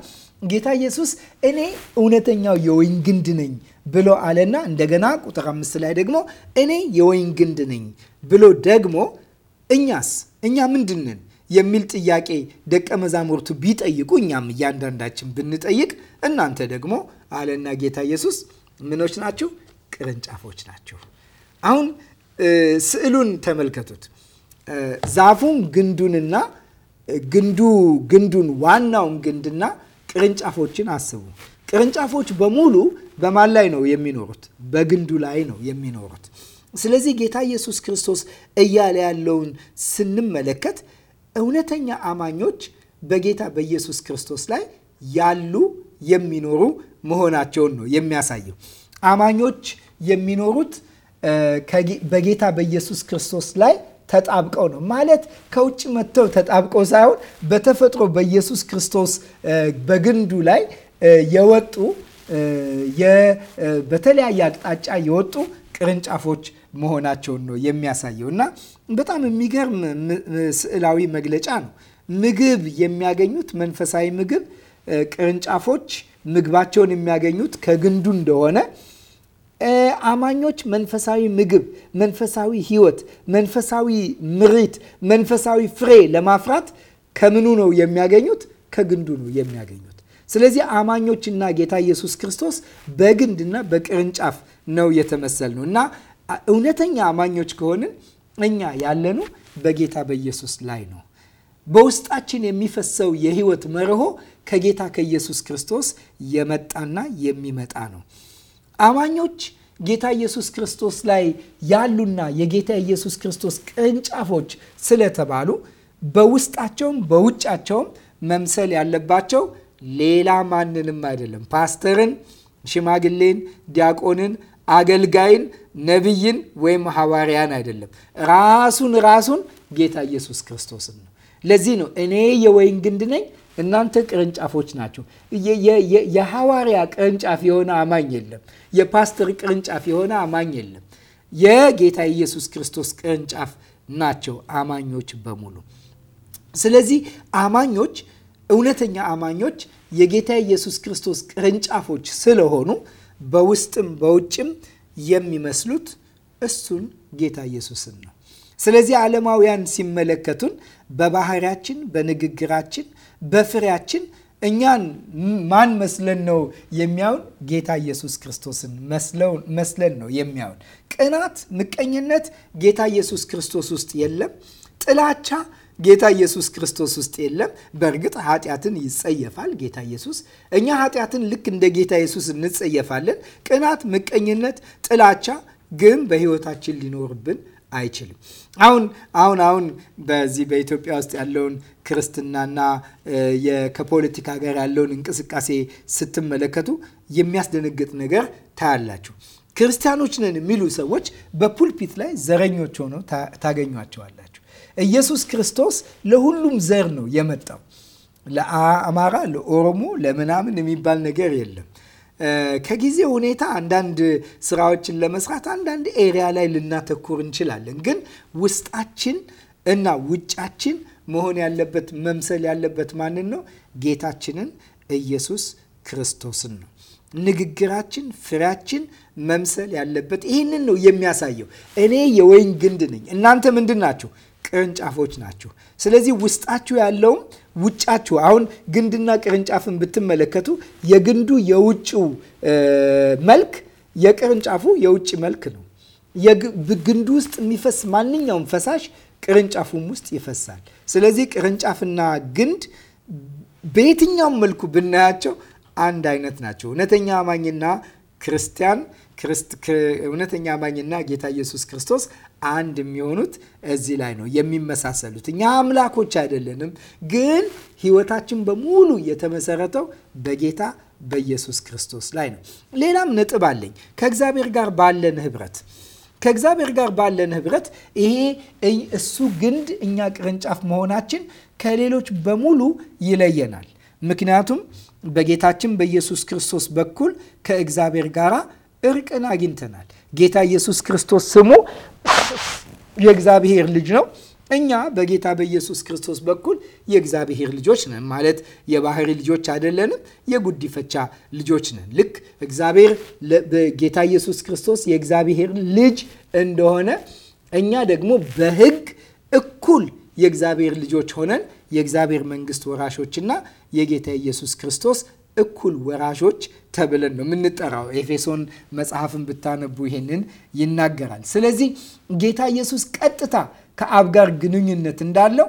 ጌታ ኢየሱስ እኔ እውነተኛው የወይን ግንድ ነኝ ብሎ አለና እንደገና ቁጥር አምስት ላይ ደግሞ እኔ የወይን ግንድ ነኝ ብሎ ደግሞ እኛስ እኛ ምንድን ነን የሚል ጥያቄ ደቀ መዛሙርቱ ቢጠይቁ እኛም እያንዳንዳችን ብንጠይቅ እናንተ ደግሞ አለና ጌታ ኢየሱስ ምኖች ናችሁ? ቅርንጫፎች ናችሁ። አሁን ስዕሉን ተመልከቱት። ዛፉን ግንዱንና ግንዱ ግንዱን ዋናውን ግንድና ቅርንጫፎችን አስቡ። ቅርንጫፎች በሙሉ በማን ላይ ነው የሚኖሩት? በግንዱ ላይ ነው የሚኖሩት። ስለዚህ ጌታ ኢየሱስ ክርስቶስ እያለ ያለውን ስንመለከት እውነተኛ አማኞች በጌታ በኢየሱስ ክርስቶስ ላይ ያሉ የሚኖሩ መሆናቸውን ነው የሚያሳየው። አማኞች የሚኖሩት በጌታ በኢየሱስ ክርስቶስ ላይ ተጣብቀው ነው ማለት ከውጭ መጥተው ተጣብቀው ሳይሆን በተፈጥሮ በኢየሱስ ክርስቶስ በግንዱ ላይ የወጡ በተለያየ አቅጣጫ የወጡ ቅርንጫፎች መሆናቸውን ነው የሚያሳየው እና በጣም የሚገርም ስዕላዊ መግለጫ ነው። ምግብ የሚያገኙት መንፈሳዊ ምግብ ቅርንጫፎች ምግባቸውን የሚያገኙት ከግንዱ እንደሆነ አማኞች መንፈሳዊ ምግብ፣ መንፈሳዊ ህይወት፣ መንፈሳዊ ምሪት፣ መንፈሳዊ ፍሬ ለማፍራት ከምኑ ነው የሚያገኙት? ከግንዱ ነው የሚያገኙት። ስለዚህ አማኞችና ጌታ ኢየሱስ ክርስቶስ በግንድና በቅርንጫፍ ነው የተመሰል ነው እና እውነተኛ አማኞች ከሆንን እኛ ያለኑ በጌታ በኢየሱስ ላይ ነው። በውስጣችን የሚፈሰው የህይወት መርሆ ከጌታ ከኢየሱስ ክርስቶስ የመጣና የሚመጣ ነው። አማኞች ጌታ ኢየሱስ ክርስቶስ ላይ ያሉና የጌታ ኢየሱስ ክርስቶስ ቅርንጫፎች ስለተባሉ በውስጣቸውም በውጫቸውም መምሰል ያለባቸው ሌላ ማንንም አይደለም። ፓስተርን፣ ሽማግሌን፣ ዲያቆንን፣ አገልጋይን፣ ነቢይን ወይም ሐዋርያን አይደለም። ራሱን ራሱን ጌታ ኢየሱስ ክርስቶስን ነው። ለዚህ ነው እኔ የወይን ግንድ ነኝ እናንተ ቅርንጫፎች ናቸው። የሐዋርያ ቅርንጫፍ የሆነ አማኝ የለም። የፓስተር ቅርንጫፍ የሆነ አማኝ የለም። የጌታ ኢየሱስ ክርስቶስ ቅርንጫፍ ናቸው አማኞች በሙሉ። ስለዚህ አማኞች እውነተኛ አማኞች የጌታ ኢየሱስ ክርስቶስ ቅርንጫፎች ስለሆኑ በውስጥም በውጭም የሚመስሉት እሱን ጌታ ኢየሱስን ነው። ስለዚህ ዓለማውያን ሲመለከቱን በባህሪያችን፣ በንግግራችን፣ በፍሬያችን እኛን ማን መስለን ነው የሚያውን? ጌታ ኢየሱስ ክርስቶስን መስለን ነው የሚያውን ቅናት፣ ምቀኝነት ጌታ ኢየሱስ ክርስቶስ ውስጥ የለም። ጥላቻ ጌታ ኢየሱስ ክርስቶስ ውስጥ የለም። በእርግጥ ኃጢአትን ይጸየፋል ጌታ ኢየሱስ። እኛ ኃጢአትን ልክ እንደ ጌታ ኢየሱስ እንጸየፋለን። ቅናት፣ ምቀኝነት፣ ጥላቻ ግን በህይወታችን ሊኖርብን አይችልም። አሁን አሁን አሁን በዚህ በኢትዮጵያ ውስጥ ያለውን ክርስትናና ከፖለቲካ ጋር ያለውን እንቅስቃሴ ስትመለከቱ የሚያስደነግጥ ነገር ታያላችሁ። ክርስቲያኖች ነን የሚሉ ሰዎች በፑልፒት ላይ ዘረኞች ሆነው ታገኟቸዋላችሁ። ኢየሱስ ክርስቶስ ለሁሉም ዘር ነው የመጣው። ለአማራ፣ ለኦሮሞ፣ ለምናምን የሚባል ነገር የለም። ከጊዜ ሁኔታ አንዳንድ ስራዎችን ለመስራት አንዳንድ ኤሪያ ላይ ልናተኩር እንችላለን። ግን ውስጣችን እና ውጫችን መሆን ያለበት መምሰል ያለበት ማንን ነው? ጌታችንን ኢየሱስ ክርስቶስን ነው። ንግግራችን ፍሬያችን መምሰል ያለበት ይህንን ነው የሚያሳየው። እኔ የወይን ግንድ ነኝ፣ እናንተ ምንድን ናችሁ? ቅርንጫፎች ናችሁ። ስለዚህ ውስጣችሁ ያለውም ውጫችሁ አሁን ግንድና ቅርንጫፍን ብትመለከቱ የግንዱ የውጭው መልክ የቅርንጫፉ የውጭ መልክ ነው። ግንዱ ውስጥ የሚፈስ ማንኛውም ፈሳሽ ቅርንጫፉም ውስጥ ይፈሳል። ስለዚህ ቅርንጫፍና ግንድ በየትኛውም መልኩ ብናያቸው አንድ አይነት ናቸው። እውነተኛ አማኝና ክርስቲያን እውነተኛ አማኝና ጌታ ኢየሱስ ክርስቶስ አንድ የሚሆኑት እዚህ ላይ ነው የሚመሳሰሉት። እኛ አምላኮች አይደለንም፣ ግን ህይወታችን በሙሉ የተመሰረተው በጌታ በኢየሱስ ክርስቶስ ላይ ነው። ሌላም ነጥብ አለኝ ከእግዚአብሔር ጋር ባለን ህብረት? ከእግዚአብሔር ጋር ባለን ህብረት ይሄ እሱ ግንድ እኛ ቅርንጫፍ መሆናችን ከሌሎች በሙሉ ይለየናል። ምክንያቱም በጌታችን በኢየሱስ ክርስቶስ በኩል ከእግዚአብሔር ጋር እርቅን አግኝተናል። ጌታ ኢየሱስ ክርስቶስ ስሙ የእግዚአብሔር ልጅ ነው። እኛ በጌታ በኢየሱስ ክርስቶስ በኩል የእግዚአብሔር ልጆች ነን። ማለት የባህሪ ልጆች አይደለንም፣ የጉዲፈቻ ልጆች ነን። ልክ እግዚአብሔር በጌታ ኢየሱስ ክርስቶስ የእግዚአብሔር ልጅ እንደሆነ እኛ ደግሞ በሕግ እኩል የእግዚአብሔር ልጆች ሆነን የእግዚአብሔር መንግስት ወራሾችና የጌታ ኢየሱስ ክርስቶስ እኩል ወራሾች ተብለን ነው የምንጠራው። ኤፌሶን መጽሐፍን ብታነቡ ይሄንን ይናገራል። ስለዚህ ጌታ ኢየሱስ ቀጥታ ከአብ ጋር ግንኙነት እንዳለው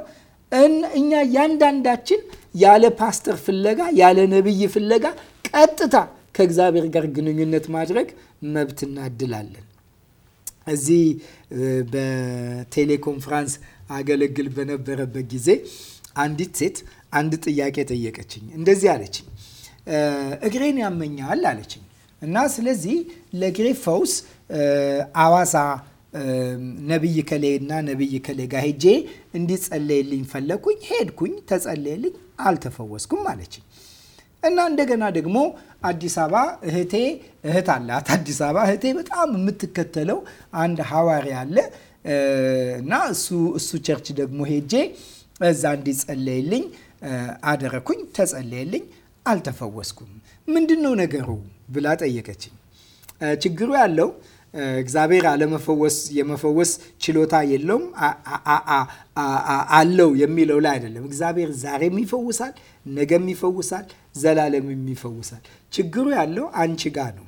እኛ እያንዳንዳችን ያለ ፓስተር ፍለጋ ያለ ነቢይ ፍለጋ ቀጥታ ከእግዚአብሔር ጋር ግንኙነት ማድረግ መብት እናድላለን። እዚህ በቴሌኮንፍራንስ አገለግል በነበረበት ጊዜ አንዲት ሴት አንድ ጥያቄ ጠየቀችኝ። እንደዚህ አለችኝ፣ እግሬን ያመኛል አለችኝ እና ስለዚህ ለእግሬ ፈውስ አዋሳ ነቢይ ከሌና ነቢይ ከሌ ጋር ሄጄ እንዲጸለይልኝ ፈለግኩኝ። ሄድኩኝ፣ ተጸለየልኝ፣ አልተፈወስኩም አለችኝ። እና እንደገና ደግሞ አዲስ አበባ እህቴ እህት አላት። አዲስ አበባ እህቴ በጣም የምትከተለው አንድ ሐዋሪ አለ እና እሱ እሱ ቸርች ደግሞ ሄጄ እዛ እንዲጸለይልኝ አደረኩኝ። ተጸለየልኝ፣ አልተፈወስኩም። ምንድን ነው ነገሩ ብላ ጠየቀችኝ። ችግሩ ያለው እግዚአብሔር አለመፈወስ የመፈወስ ችሎታ የለውም አለው የሚለው ላይ አይደለም። እግዚአብሔር ዛሬም ይፈውሳል፣ ነገም ይፈውሳል፣ ዘላለምም ይፈውሳል። ችግሩ ያለው አንቺ ጋር ነው።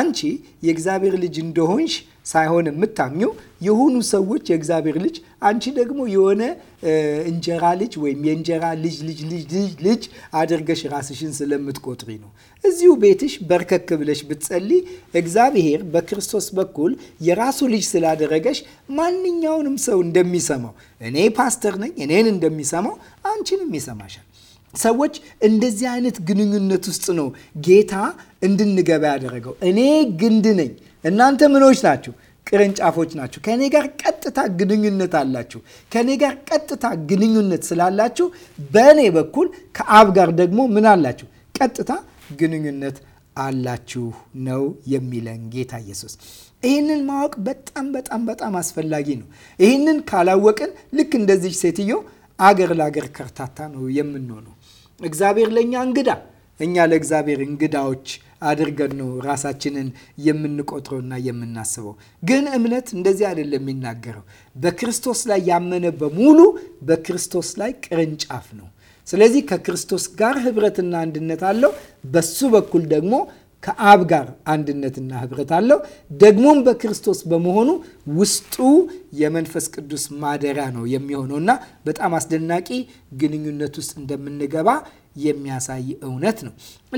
አንቺ የእግዚአብሔር ልጅ እንደሆንሽ ሳይሆን የምታምኘው የሆኑ ሰዎች የእግዚአብሔር ልጅ አንቺ ደግሞ የሆነ እንጀራ ልጅ ወይም የእንጀራ ልጅ ልጅ ልጅ ልጅ ልጅ አድርገሽ ራስሽን ስለምትቆጥሪ ነው። እዚሁ ቤትሽ በርከክ ብለሽ ብትጸልይ እግዚአብሔር በክርስቶስ በኩል የራሱ ልጅ ስላደረገሽ ማንኛውንም ሰው እንደሚሰማው እኔ ፓስተር ነኝ፣ እኔን እንደሚሰማው አንቺንም ይሰማሻል። ሰዎች እንደዚህ አይነት ግንኙነት ውስጥ ነው ጌታ እንድንገባ ያደረገው። እኔ ግንድ ነኝ፣ እናንተ ምኖች ናችሁ ቅርንጫፎች ናችሁ። ከእኔ ጋር ቀጥታ ግንኙነት አላችሁ። ከእኔ ጋር ቀጥታ ግንኙነት ስላላችሁ በእኔ በኩል ከአብ ጋር ደግሞ ምን አላችሁ? ቀጥታ ግንኙነት አላችሁ ነው የሚለን ጌታ ኢየሱስ። ይህንን ማወቅ በጣም በጣም በጣም አስፈላጊ ነው። ይህንን ካላወቅን ልክ እንደዚህ ሴትዮ አገር ለአገር ከርታታ ነው የምንሆነው። እግዚአብሔር ለእኛ እንግዳ፣ እኛ ለእግዚአብሔር እንግዳዎች አድርገን ነው ራሳችንን የምንቆጥረውና የምናስበው። ግን እምነት እንደዚህ አይደለም የሚናገረው። በክርስቶስ ላይ ያመነ በሙሉ በክርስቶስ ላይ ቅርንጫፍ ነው። ስለዚህ ከክርስቶስ ጋር ህብረትና አንድነት አለው። በሱ በኩል ደግሞ ከአብ ጋር አንድነትና ህብረት አለው። ደግሞም በክርስቶስ በመሆኑ ውስጡ የመንፈስ ቅዱስ ማደሪያ ነው የሚሆነው እና በጣም አስደናቂ ግንኙነት ውስጥ እንደምንገባ የሚያሳይ እውነት ነው።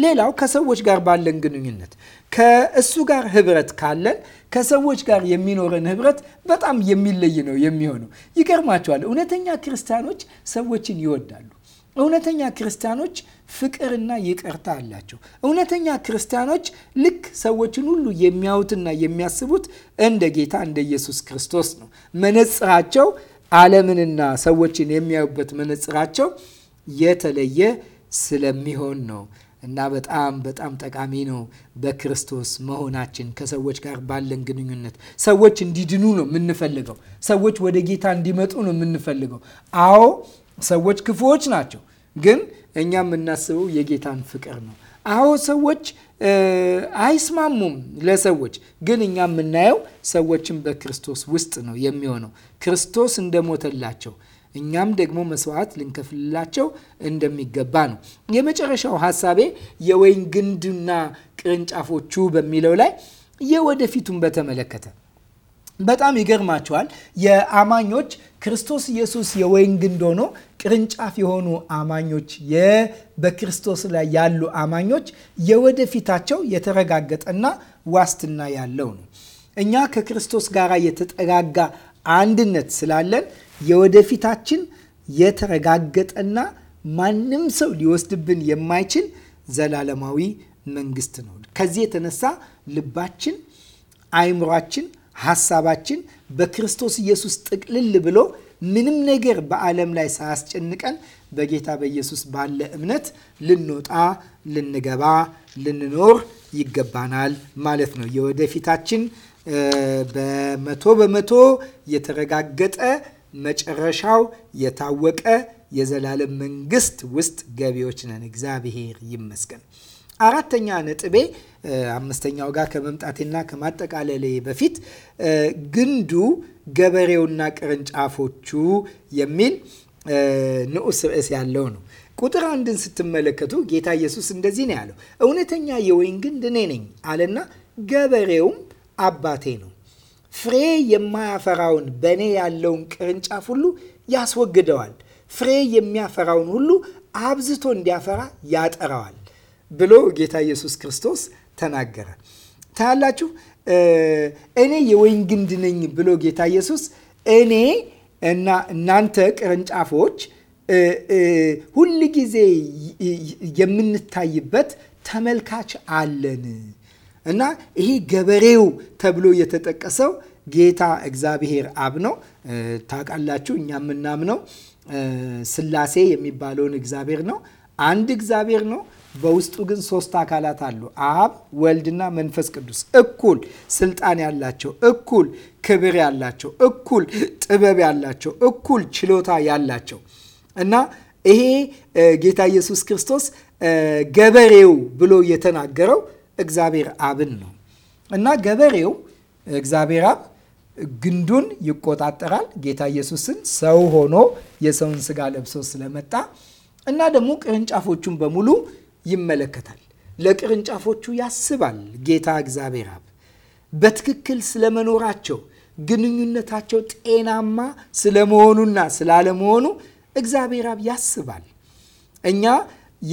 ሌላው ከሰዎች ጋር ባለን ግንኙነት ከእሱ ጋር ህብረት ካለን ከሰዎች ጋር የሚኖረን ህብረት በጣም የሚለይ ነው የሚሆነው። ይገርማቸዋል። እውነተኛ ክርስቲያኖች ሰዎችን ይወዳሉ። እውነተኛ ክርስቲያኖች ፍቅርና ይቅርታ አላቸው። እውነተኛ ክርስቲያኖች ልክ ሰዎችን ሁሉ የሚያዩትና የሚያስቡት እንደ ጌታ እንደ ኢየሱስ ክርስቶስ ነው። መነጽራቸው ዓለምንና ሰዎችን የሚያዩበት መነጽራቸው የተለየ ስለሚሆን ነው እና በጣም በጣም ጠቃሚ ነው። በክርስቶስ መሆናችን ከሰዎች ጋር ባለን ግንኙነት ሰዎች እንዲድኑ ነው የምንፈልገው። ሰዎች ወደ ጌታ እንዲመጡ ነው የምንፈልገው። አዎ ሰዎች ክፉዎች ናቸው፣ ግን እኛ የምናስበው የጌታን ፍቅር ነው። አዎ ሰዎች አይስማሙም ለሰዎች ግን እኛ የምናየው ሰዎችን በክርስቶስ ውስጥ ነው የሚሆነው። ክርስቶስ እንደሞተላቸው እኛም ደግሞ መስዋዕት ልንከፍልላቸው እንደሚገባ ነው። የመጨረሻው ሀሳቤ የወይን ግንድና ቅርንጫፎቹ በሚለው ላይ የወደፊቱን በተመለከተ በጣም ይገርማቸዋል የአማኞች ክርስቶስ ኢየሱስ የወይን ግንድ ሆኖ ቅርንጫፍ የሆኑ አማኞች በክርስቶስ ላይ ያሉ አማኞች የወደፊታቸው የተረጋገጠና ዋስትና ያለው ነው። እኛ ከክርስቶስ ጋር የተጠጋጋ አንድነት ስላለን የወደፊታችን የተረጋገጠና ማንም ሰው ሊወስድብን የማይችል ዘላለማዊ መንግስት ነው። ከዚህ የተነሳ ልባችን፣ አይምሯችን ሀሳባችን በክርስቶስ ኢየሱስ ጥቅልል ብሎ ምንም ነገር በዓለም ላይ ሳያስጨንቀን በጌታ በኢየሱስ ባለ እምነት ልንወጣ ልንገባ ልንኖር ይገባናል ማለት ነው። የወደፊታችን በመቶ በመቶ የተረጋገጠ መጨረሻው የታወቀ የዘላለም መንግስት ውስጥ ገቢዎች ነን። እግዚአብሔር ይመስገን። አራተኛ ነጥቤ አምስተኛው ጋር ከመምጣቴና ከማጠቃለሌ በፊት ግንዱ ገበሬውና ቅርንጫፎቹ የሚል ንዑስ ርዕስ ያለው ነው። ቁጥር አንድን ስትመለከቱ ጌታ ኢየሱስ እንደዚህ ነው ያለው፣ እውነተኛ የወይን ግንድ እኔ ነኝ አለና ገበሬውም አባቴ ነው። ፍሬ የማያፈራውን በእኔ ያለውን ቅርንጫፍ ሁሉ ያስወግደዋል፣ ፍሬ የሚያፈራውን ሁሉ አብዝቶ እንዲያፈራ ያጠራዋል። ብሎ ጌታ ኢየሱስ ክርስቶስ ተናገረ። ታያላችሁ። እኔ የወይን ግንድ ነኝ ብሎ ጌታ ኢየሱስ እኔ እና እናንተ ቅርንጫፎች ሁል ጊዜ የምንታይበት ተመልካች አለን እና ይሄ ገበሬው ተብሎ የተጠቀሰው ጌታ እግዚአብሔር አብ ነው። ታውቃላችሁ፣ እኛ የምናምነው ስላሴ የሚባለውን እግዚአብሔር ነው። አንድ እግዚአብሔር ነው። በውስጡ ግን ሶስት አካላት አሉ። አብ ወልድና መንፈስ ቅዱስ እኩል ስልጣን ያላቸው፣ እኩል ክብር ያላቸው፣ እኩል ጥበብ ያላቸው፣ እኩል ችሎታ ያላቸው እና ይሄ ጌታ ኢየሱስ ክርስቶስ ገበሬው ብሎ የተናገረው እግዚአብሔር አብን ነው እና ገበሬው እግዚአብሔር አብ ግንዱን ይቆጣጠራል። ጌታ ኢየሱስን ሰው ሆኖ የሰውን ስጋ ለብሶ ስለመጣ እና ደግሞ ቅርንጫፎቹን በሙሉ ይመለከታል። ለቅርንጫፎቹ ያስባል ጌታ እግዚአብሔር አብ በትክክል ስለመኖራቸው ግንኙነታቸው ጤናማ ስለመሆኑና ስላለመሆኑ እግዚአብሔር አብ ያስባል። እኛ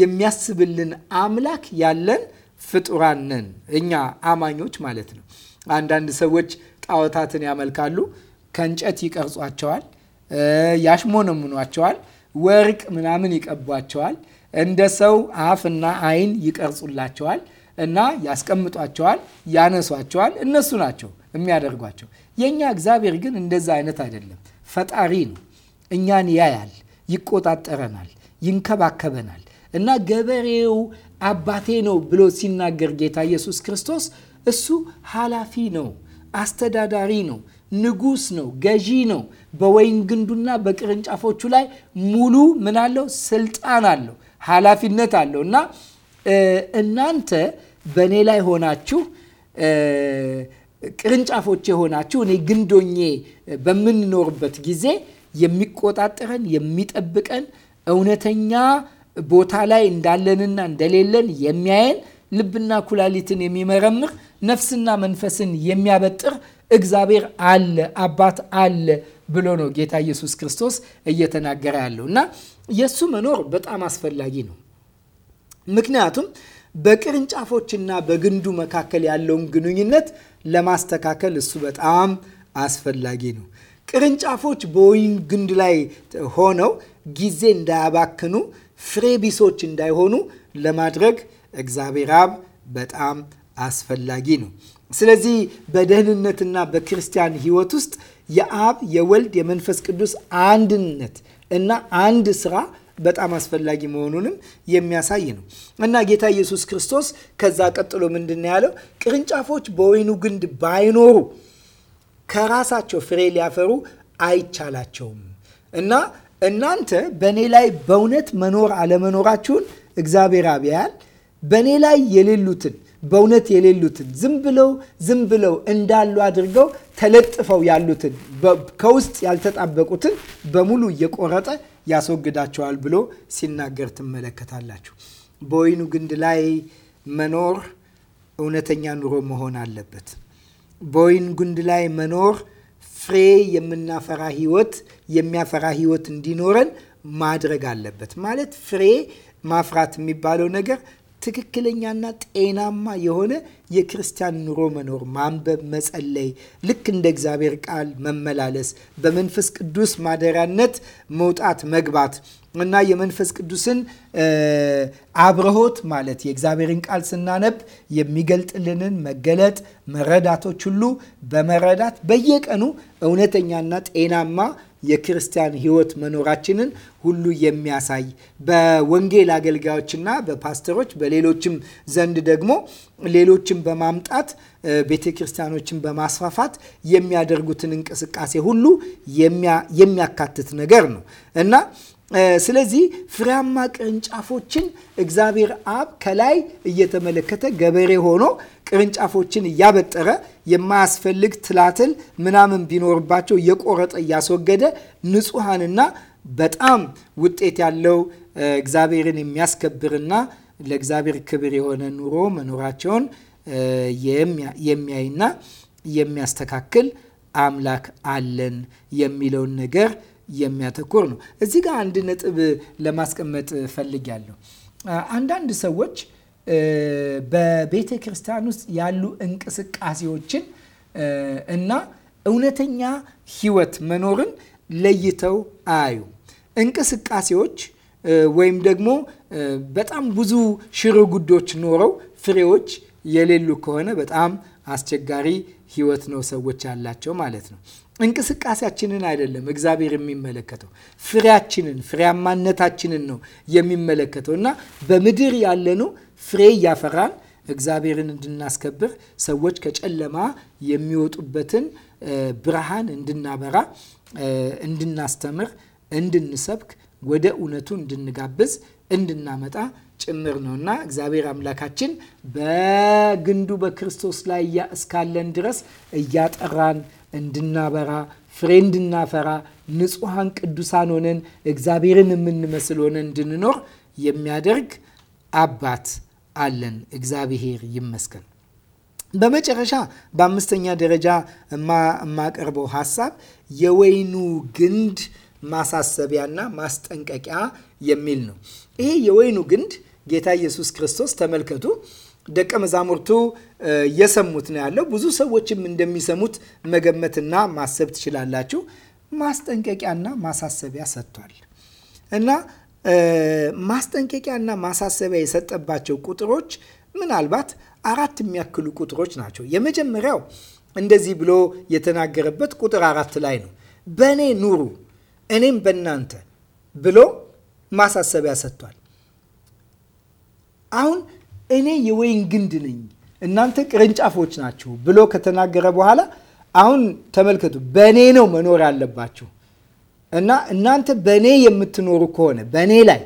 የሚያስብልን አምላክ ያለን ፍጡራን ነን፣ እኛ አማኞች ማለት ነው። አንዳንድ ሰዎች ጣዖታትን ያመልካሉ። ከእንጨት ይቀርጿቸዋል፣ ያሽሞነምኗቸዋል፣ ወርቅ ምናምን ይቀቧቸዋል። እንደ ሰው አፍና አይን ይቀርጹላቸዋል እና ያስቀምጧቸዋል፣ ያነሷቸዋል። እነሱ ናቸው የሚያደርጓቸው። የእኛ እግዚአብሔር ግን እንደዛ አይነት አይደለም። ፈጣሪ ነው። እኛን ያያል፣ ይቆጣጠረናል፣ ይንከባከበናል እና ገበሬው አባቴ ነው ብሎ ሲናገር ጌታ ኢየሱስ ክርስቶስ እሱ ኃላፊ ነው፣ አስተዳዳሪ ነው፣ ንጉስ ነው፣ ገዢ ነው። በወይን ግንዱና በቅርንጫፎቹ ላይ ሙሉ ምን አለው? ስልጣን አለው። ኃላፊነት አለው እና እናንተ በእኔ ላይ ሆናችሁ ቅርንጫፎች የሆናችሁ እኔ ግንዶኜ በምንኖርበት ጊዜ የሚቆጣጠረን የሚጠብቀን እውነተኛ ቦታ ላይ እንዳለንና እንደሌለን የሚያየን ልብና ኩላሊትን የሚመረምር ነፍስና መንፈስን የሚያበጥር እግዚአብሔር አለ አባት አለ ብሎ ነው ጌታ ኢየሱስ ክርስቶስ እየተናገረ ያለው እና የእሱ መኖር በጣም አስፈላጊ ነው። ምክንያቱም በቅርንጫፎችና በግንዱ መካከል ያለውን ግንኙነት ለማስተካከል እሱ በጣም አስፈላጊ ነው። ቅርንጫፎች በወይን ግንድ ላይ ሆነው ጊዜ እንዳያባክኑ፣ ፍሬ ቢሶች እንዳይሆኑ ለማድረግ እግዚአብሔር አብ በጣም አስፈላጊ ነው። ስለዚህ በደህንነትና በክርስቲያን ሕይወት ውስጥ የአብ የወልድ የመንፈስ ቅዱስ አንድነት እና አንድ ስራ በጣም አስፈላጊ መሆኑንም የሚያሳይ ነው እና ጌታ ኢየሱስ ክርስቶስ ከዛ ቀጥሎ ምንድን ያለው ቅርንጫፎች በወይኑ ግንድ ባይኖሩ ከራሳቸው ፍሬ ሊያፈሩ አይቻላቸውም እና እናንተ በእኔ ላይ በእውነት መኖር አለመኖራችሁን እግዚአብሔር አብያል በእኔ ላይ የሌሉትን በእውነት የሌሉትን ዝም ብለው ዝም ብለው እንዳሉ አድርገው ተለጥፈው ያሉትን ከውስጥ ያልተጣበቁትን በሙሉ እየቆረጠ ያስወግዳቸዋል ብሎ ሲናገር ትመለከታላችሁ። በወይኑ ግንድ ላይ መኖር እውነተኛ ኑሮ መሆን አለበት። በወይን ግንድ ላይ መኖር ፍሬ የምናፈራ ህይወት የሚያፈራ ህይወት እንዲኖረን ማድረግ አለበት። ማለት ፍሬ ማፍራት የሚባለው ነገር ትክክለኛና ጤናማ የሆነ የክርስቲያን ኑሮ መኖር፣ ማንበብ፣ መጸለይ፣ ልክ እንደ እግዚአብሔር ቃል መመላለስ፣ በመንፈስ ቅዱስ ማደሪያነት መውጣት መግባት እና የመንፈስ ቅዱስን አብረሆት ማለት የእግዚአብሔርን ቃል ስናነብ የሚገልጥልንን መገለጥ መረዳቶች ሁሉ በመረዳት በየቀኑ እውነተኛና ጤናማ የክርስቲያን ህይወት መኖራችንን ሁሉ የሚያሳይ በወንጌል አገልጋዮችና በፓስተሮች በሌሎችም ዘንድ ደግሞ ሌሎችን በማምጣት ቤተ ክርስቲያኖችን በማስፋፋት የሚያደርጉትን እንቅስቃሴ ሁሉ የሚያካትት ነገር ነው እና ስለዚህ ፍሬያማ ቅርንጫፎችን እግዚአብሔር አብ ከላይ እየተመለከተ ገበሬ ሆኖ ቅርንጫፎችን እያበጠረ የማያስፈልግ ትላትል ምናምን ቢኖርባቸው እየቆረጠ እያስወገደ ንጹሐንና በጣም ውጤት ያለው እግዚአብሔርን የሚያስከብርና ለእግዚአብሔር ክብር የሆነ ኑሮ መኖራቸውን የሚያይና የሚያስተካክል አምላክ አለን የሚለውን ነገር የሚያተኩር ነው። እዚህ ጋር አንድ ነጥብ ለማስቀመጥ ፈልጊያለሁ። አንዳንድ ሰዎች በቤተ ክርስቲያን ውስጥ ያሉ እንቅስቃሴዎችን እና እውነተኛ ሕይወት መኖርን ለይተው አያዩ። እንቅስቃሴዎች ወይም ደግሞ በጣም ብዙ ጉዶች ኖረው ፍሬዎች የሌሉ ከሆነ በጣም አስቸጋሪ ሕይወት ነው ሰዎች ያላቸው ማለት ነው። እንቅስቃሴያችንን አይደለም እግዚአብሔር የሚመለከተው ፍሬያችንን ፍሬያማነታችንን ነው የሚመለከተው እና በምድር ያለነው ፍሬ እያፈራን እግዚአብሔርን እንድናስከብር ሰዎች ከጨለማ የሚወጡበትን ብርሃን እንድናበራ እንድናስተምር እንድንሰብክ ወደ እውነቱ እንድንጋብዝ እንድናመጣ ጭምር ነው እና እግዚአብሔር አምላካችን በግንዱ በክርስቶስ ላይ እስካለን ድረስ እያጠራን እንድናበራ ፍሬ እንድናፈራ ንጹሐን ቅዱሳን ሆነን እግዚአብሔርን የምንመስል ሆነን እንድንኖር የሚያደርግ አባት አለን። እግዚአብሔር ይመስገን። በመጨረሻ በአምስተኛ ደረጃ የማቀርበው ሀሳብ የወይኑ ግንድ ማሳሰቢያና ማስጠንቀቂያ የሚል ነው። ይሄ የወይኑ ግንድ ጌታ ኢየሱስ ክርስቶስ ተመልከቱ ደቀ መዛሙርቱ እየሰሙት ነው ያለው። ብዙ ሰዎችም እንደሚሰሙት መገመትና ማሰብ ትችላላችሁ። ማስጠንቀቂያና ማሳሰቢያ ሰጥቷል እና ማስጠንቀቂያና ማሳሰቢያ የሰጠባቸው ቁጥሮች ምናልባት አራት የሚያክሉ ቁጥሮች ናቸው። የመጀመሪያው እንደዚህ ብሎ የተናገረበት ቁጥር አራት ላይ ነው። በእኔ ኑሩ እኔም በእናንተ ብሎ ማሳሰቢያ ሰጥቷል። አሁን እኔ የወይን ግንድ ነኝ፣ እናንተ ቅርንጫፎች ናችሁ ብሎ ከተናገረ በኋላ አሁን ተመልከቱ፣ በእኔ ነው መኖር ያለባችሁ እና እናንተ በእኔ የምትኖሩ ከሆነ በእኔ ላይ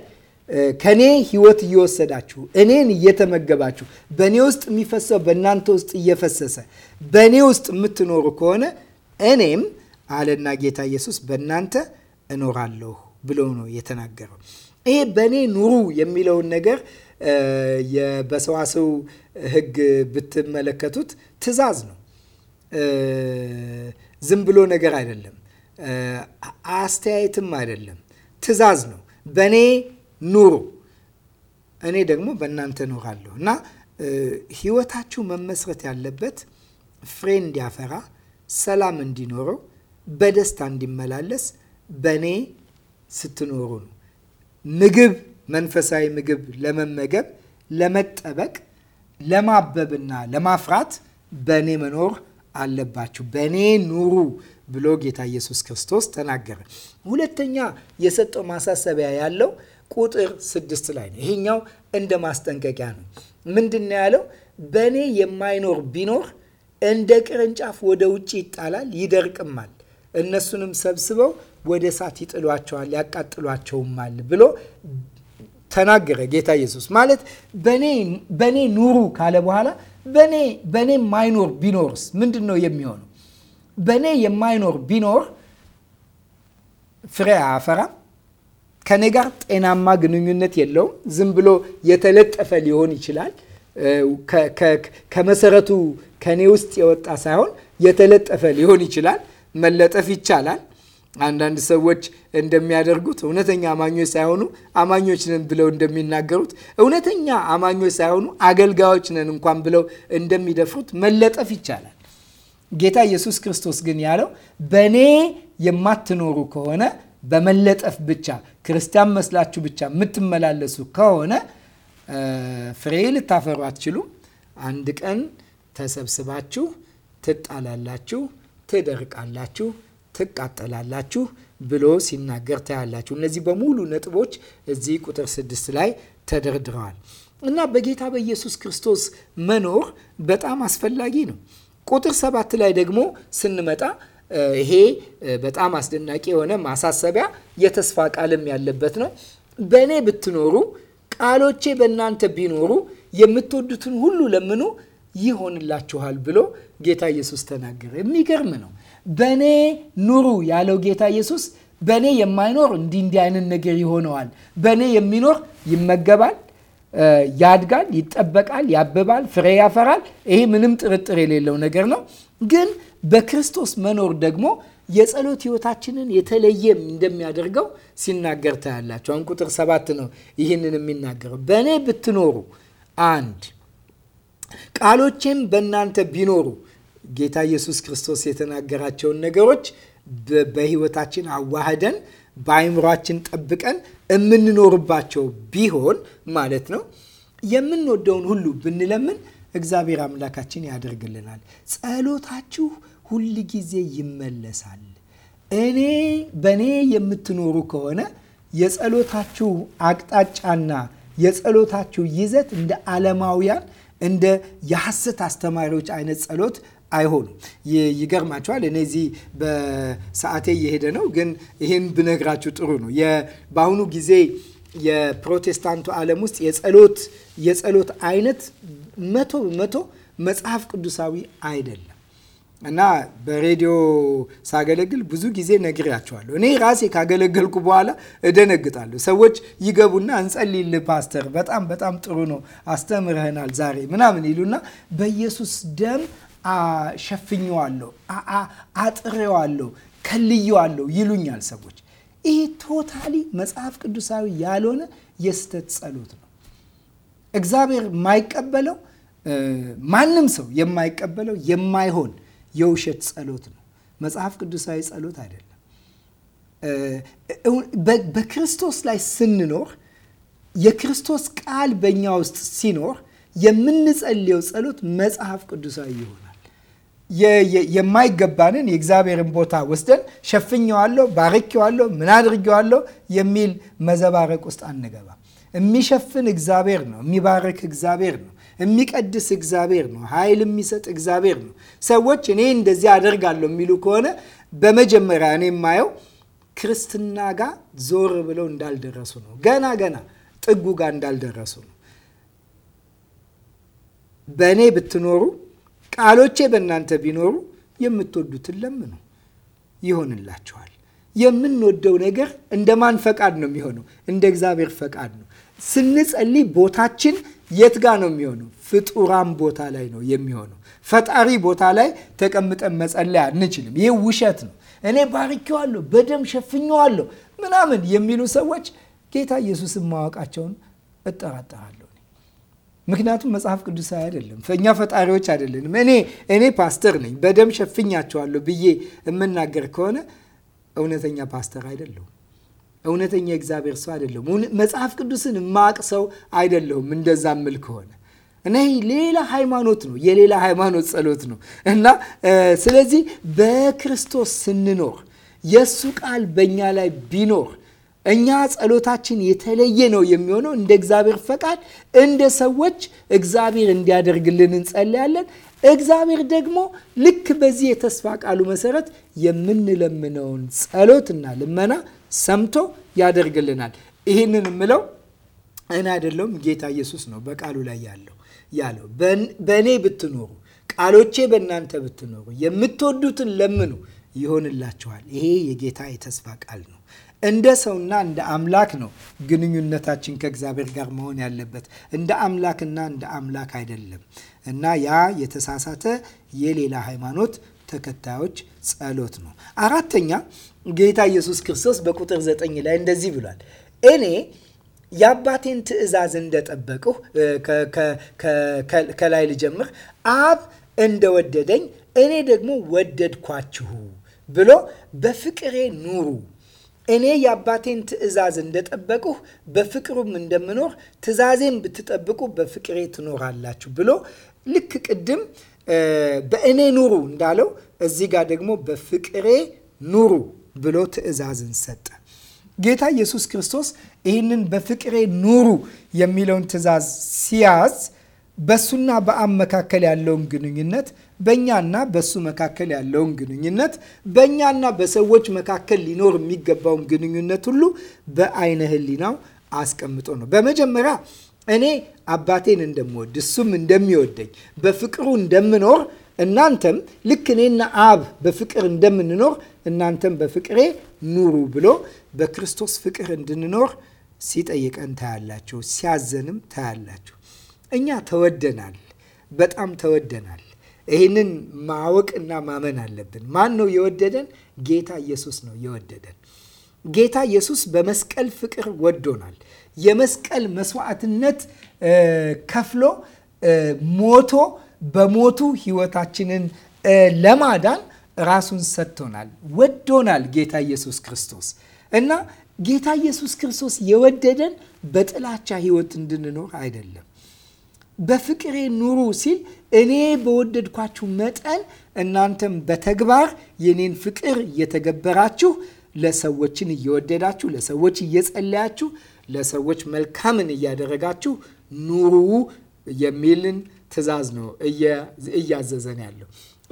ከኔ ህይወት እየወሰዳችሁ እኔን እየተመገባችሁ በእኔ ውስጥ የሚፈሰው በእናንተ ውስጥ እየፈሰሰ በእኔ ውስጥ የምትኖሩ ከሆነ እኔም አለና ጌታ ኢየሱስ በእናንተ እኖራለሁ ብሎ ነው የተናገረው። ይሄ በእኔ ኑሩ የሚለውን ነገር በሰዋሰው ሕግ ብትመለከቱት ትእዛዝ ነው። ዝም ብሎ ነገር አይደለም፣ አስተያየትም አይደለም፣ ትእዛዝ ነው። በእኔ ኑሩ፣ እኔ ደግሞ በእናንተ ኖራለሁ እና ህይወታችሁ መመስረት ያለበት ፍሬ እንዲያፈራ፣ ሰላም እንዲኖረው፣ በደስታ እንዲመላለስ በእኔ ስትኖሩ ነው ምግብ መንፈሳዊ ምግብ ለመመገብ፣ ለመጠበቅ፣ ለማበብና ለማፍራት በእኔ መኖር አለባችሁ፣ በእኔ ኑሩ ብሎ ጌታ ኢየሱስ ክርስቶስ ተናገረ። ሁለተኛ የሰጠው ማሳሰቢያ ያለው ቁጥር ስድስት ላይ ነው። ይሄኛው እንደ ማስጠንቀቂያ ነው። ምንድን ነው ያለው? በእኔ የማይኖር ቢኖር እንደ ቅርንጫፍ ወደ ውጭ ይጣላል፣ ይደርቅማል፣ እነሱንም ሰብስበው ወደ እሳት ይጥሏቸዋል፣ ያቃጥሏቸውማል ብሎ ተናገረ ጌታ ኢየሱስ። ማለት በእኔ ኑሩ ካለ በኋላ በእኔ ማይኖር ቢኖርስ ምንድን ነው የሚሆነው? በእኔ የማይኖር ቢኖር ፍሬ አያፈራም። ከእኔ ጋር ጤናማ ግንኙነት የለውም። ዝም ብሎ የተለጠፈ ሊሆን ይችላል። ከመሰረቱ ከእኔ ውስጥ የወጣ ሳይሆን የተለጠፈ ሊሆን ይችላል። መለጠፍ ይቻላል አንዳንድ ሰዎች እንደሚያደርጉት እውነተኛ አማኞች ሳይሆኑ አማኞች ነን ብለው እንደሚናገሩት እውነተኛ አማኞች ሳይሆኑ አገልጋዮች ነን እንኳን ብለው እንደሚደፍሩት መለጠፍ ይቻላል። ጌታ ኢየሱስ ክርስቶስ ግን ያለው በእኔ የማትኖሩ ከሆነ በመለጠፍ ብቻ ክርስቲያን መስላችሁ ብቻ የምትመላለሱ ከሆነ ፍሬ ልታፈሩ አትችሉም። አንድ ቀን ተሰብስባችሁ ትጣላላችሁ፣ ትደርቃላችሁ ትቃጠላላችሁ ብሎ ሲናገር ታያላችሁ። እነዚህ በሙሉ ነጥቦች እዚህ ቁጥር ስድስት ላይ ተደርድረዋል እና በጌታ በኢየሱስ ክርስቶስ መኖር በጣም አስፈላጊ ነው። ቁጥር ሰባት ላይ ደግሞ ስንመጣ ይሄ በጣም አስደናቂ የሆነ ማሳሰቢያ የተስፋ ቃልም ያለበት ነው። በእኔ ብትኖሩ ቃሎቼ በእናንተ ቢኖሩ የምትወዱትን ሁሉ ለምኑ ይሆንላችኋል ብሎ ጌታ ኢየሱስ ተናገረ። የሚገርም ነው። በእኔ ኑሩ ያለው ጌታ ኢየሱስ በእኔ የማይኖር እንዲህ እንዲህ አይነት ነገር ይሆነዋል፣ በእኔ የሚኖር ይመገባል፣ ያድጋል፣ ይጠበቃል፣ ያብባል፣ ፍሬ ያፈራል። ይሄ ምንም ጥርጥር የሌለው ነገር ነው። ግን በክርስቶስ መኖር ደግሞ የጸሎት ህይወታችንን የተለየ እንደሚያደርገው ሲናገር ታያላቸው። አሁን ቁጥር ሰባት ነው ይህንን የሚናገረው በእኔ ብትኖሩ አንድ ቃሎቼም በእናንተ ቢኖሩ ጌታ ኢየሱስ ክርስቶስ የተናገራቸውን ነገሮች በህይወታችን አዋህደን በአይምሯችን ጠብቀን የምንኖርባቸው ቢሆን ማለት ነው። የምንወደውን ሁሉ ብንለምን እግዚአብሔር አምላካችን ያደርግልናል። ጸሎታችሁ ሁል ጊዜ ይመለሳል። እኔ በእኔ የምትኖሩ ከሆነ የጸሎታችሁ አቅጣጫና የጸሎታችሁ ይዘት እንደ ዓለማውያን እንደ የሐሰት አስተማሪዎች አይነት ጸሎት አይሆኑም። ይገርማቸዋል። እነዚህ በሰዓቴ እየሄደ ነው፣ ግን ይህን ብነግራችሁ ጥሩ ነው። በአሁኑ ጊዜ የፕሮቴስታንቱ ዓለም ውስጥ የጸሎት የጸሎት አይነት መቶ በመቶ መጽሐፍ ቅዱሳዊ አይደለም እና በሬዲዮ ሳገለግል ብዙ ጊዜ ነግሬያቸዋለሁ። እኔ ራሴ ካገለገልኩ በኋላ እደነግጣለሁ። ሰዎች ይገቡና እንጸልይልህ ፓስተር፣ በጣም በጣም ጥሩ ነው፣ አስተምረህናል ዛሬ ምናምን ይሉና በኢየሱስ ደም ሸፍኘዋለሁ፣ አጥሬዋለሁ፣ ከልየዋለሁ ይሉኛል ሰዎች። ይህ ቶታሊ መጽሐፍ ቅዱሳዊ ያልሆነ የስተት ጸሎት ነው። እግዚአብሔር የማይቀበለው ማንም ሰው የማይቀበለው የማይሆን የውሸት ጸሎት ነው። መጽሐፍ ቅዱሳዊ ጸሎት አይደለም። በክርስቶስ ላይ ስንኖር የክርስቶስ ቃል በእኛ ውስጥ ሲኖር የምንጸልየው ጸሎት መጽሐፍ ቅዱሳዊ ይሆን የማይገባንን የእግዚአብሔርን ቦታ ወስደን ሸፍኘዋለሁ፣ ባርኬዋለሁ፣ ምን አድርጌዋለሁ የሚል መዘባረቅ ውስጥ አንገባ። የሚሸፍን እግዚአብሔር ነው። የሚባርክ እግዚአብሔር ነው። የሚቀድስ እግዚአብሔር ነው። ኃይል የሚሰጥ እግዚአብሔር ነው። ሰዎች እኔ እንደዚህ አደርጋለሁ የሚሉ ከሆነ በመጀመሪያ እኔ የማየው ክርስትና ጋር ዞር ብለው እንዳልደረሱ ነው። ገና ገና ጥጉ ጋር እንዳልደረሱ ነው። በእኔ ብትኖሩ ቃሎቼ በእናንተ ቢኖሩ የምትወዱትን ለምኑ ይሆንላችኋል። የምንወደው ነገር እንደ ማን ፈቃድ ነው የሚሆነው? እንደ እግዚአብሔር ፈቃድ ነው። ስንጸልይ ቦታችን የት ጋ ነው የሚሆነው? ፍጡራን ቦታ ላይ ነው የሚሆነው። ፈጣሪ ቦታ ላይ ተቀምጠን መጸለይ አንችልም። ይህ ውሸት ነው። እኔ ባርኬዋለሁ፣ በደም ሸፍኘዋለሁ ምናምን የሚሉ ሰዎች ጌታ ኢየሱስን ማወቃቸውን እጠራጠራለሁ። ምክንያቱም መጽሐፍ ቅዱሳዊ አይደለም። እኛ ፈጣሪዎች አይደለንም። እኔ እኔ ፓስተር ነኝ በደም ሸፍኛቸዋለሁ ብዬ የምናገር ከሆነ እውነተኛ ፓስተር አይደለሁም። እውነተኛ እግዚአብሔር ሰው አይደለሁም። መጽሐፍ ቅዱስን ማቅ ሰው አይደለሁም። እንደዛ ምል ከሆነ እና ይህ ሌላ ሃይማኖት ነው፣ የሌላ ሃይማኖት ጸሎት ነው። እና ስለዚህ በክርስቶስ ስንኖር የእሱ ቃል በእኛ ላይ ቢኖር እኛ ጸሎታችን የተለየ ነው የሚሆነው። እንደ እግዚአብሔር ፈቃድ፣ እንደ ሰዎች እግዚአብሔር እንዲያደርግልን እንጸልያለን። እግዚአብሔር ደግሞ ልክ በዚህ የተስፋ ቃሉ መሰረት የምንለምነውን ጸሎትና ልመና ሰምቶ ያደርግልናል። ይህንን የምለው እኔ አይደለውም፣ ጌታ ኢየሱስ ነው በቃሉ ላይ ያለው ያለው በእኔ ብትኖሩ ቃሎቼ በእናንተ ብትኖሩ የምትወዱትን ለምኑ ይሆንላችኋል። ይሄ የጌታ የተስፋ ቃል ነው። እንደ ሰውና እንደ አምላክ ነው ግንኙነታችን ከእግዚአብሔር ጋር መሆን ያለበት፣ እንደ አምላክና እንደ አምላክ አይደለም። እና ያ የተሳሳተ የሌላ ሃይማኖት ተከታዮች ጸሎት ነው። አራተኛ ጌታ ኢየሱስ ክርስቶስ በቁጥር ዘጠኝ ላይ እንደዚህ ብሏል እኔ የአባቴን ትእዛዝ እንደጠበቅሁ ከላይ ልጀምር። አብ እንደወደደኝ እኔ ደግሞ ወደድኳችሁ ብሎ በፍቅሬ ኑሩ እኔ የአባቴን ትእዛዝ እንደጠበቅሁ በፍቅሩም እንደምኖር ትእዛዜን ብትጠብቁ በፍቅሬ ትኖራላችሁ ብሎ ልክ ቅድም በእኔ ኑሩ እንዳለው እዚህ ጋር ደግሞ በፍቅሬ ኑሩ ብሎ ትእዛዝን ሰጠ። ጌታ ኢየሱስ ክርስቶስ ይህንን በፍቅሬ ኑሩ የሚለውን ትእዛዝ ሲያዝ በሱና በአብ መካከል ያለውን ግንኙነት፣ በእኛና በሱ መካከል ያለውን ግንኙነት፣ በእኛና በሰዎች መካከል ሊኖር የሚገባውን ግንኙነት ሁሉ በአይነ ህሊናው አስቀምጦ ነው። በመጀመሪያ እኔ አባቴን እንደምወድ እሱም እንደሚወደኝ በፍቅሩ እንደምኖር እናንተም ልክ እኔና አብ በፍቅር እንደምንኖር እናንተም በፍቅሬ ኑሩ ብሎ በክርስቶስ ፍቅር እንድንኖር ሲጠይቀን ታያላችሁ፣ ሲያዘንም ታያላችሁ። እኛ ተወደናል፣ በጣም ተወደናል። ይህንን ማወቅ እና ማመን አለብን። ማን ነው የወደደን? ጌታ ኢየሱስ ነው የወደደን። ጌታ ኢየሱስ በመስቀል ፍቅር ወዶናል። የመስቀል መስዋዕትነት ከፍሎ ሞቶ በሞቱ ህይወታችንን ለማዳን ራሱን ሰጥቶናል። ወዶናል ጌታ ኢየሱስ ክርስቶስ እና ጌታ ኢየሱስ ክርስቶስ የወደደን በጥላቻ ህይወት እንድንኖር አይደለም በፍቅሬ ኑሩ ሲል እኔ በወደድኳችሁ መጠን እናንተም በተግባር የኔን ፍቅር እየተገበራችሁ ለሰዎችን እየወደዳችሁ ለሰዎች እየጸለያችሁ ለሰዎች መልካምን እያደረጋችሁ ኑሩ የሚልን ትእዛዝ ነው እያዘዘን ያለው።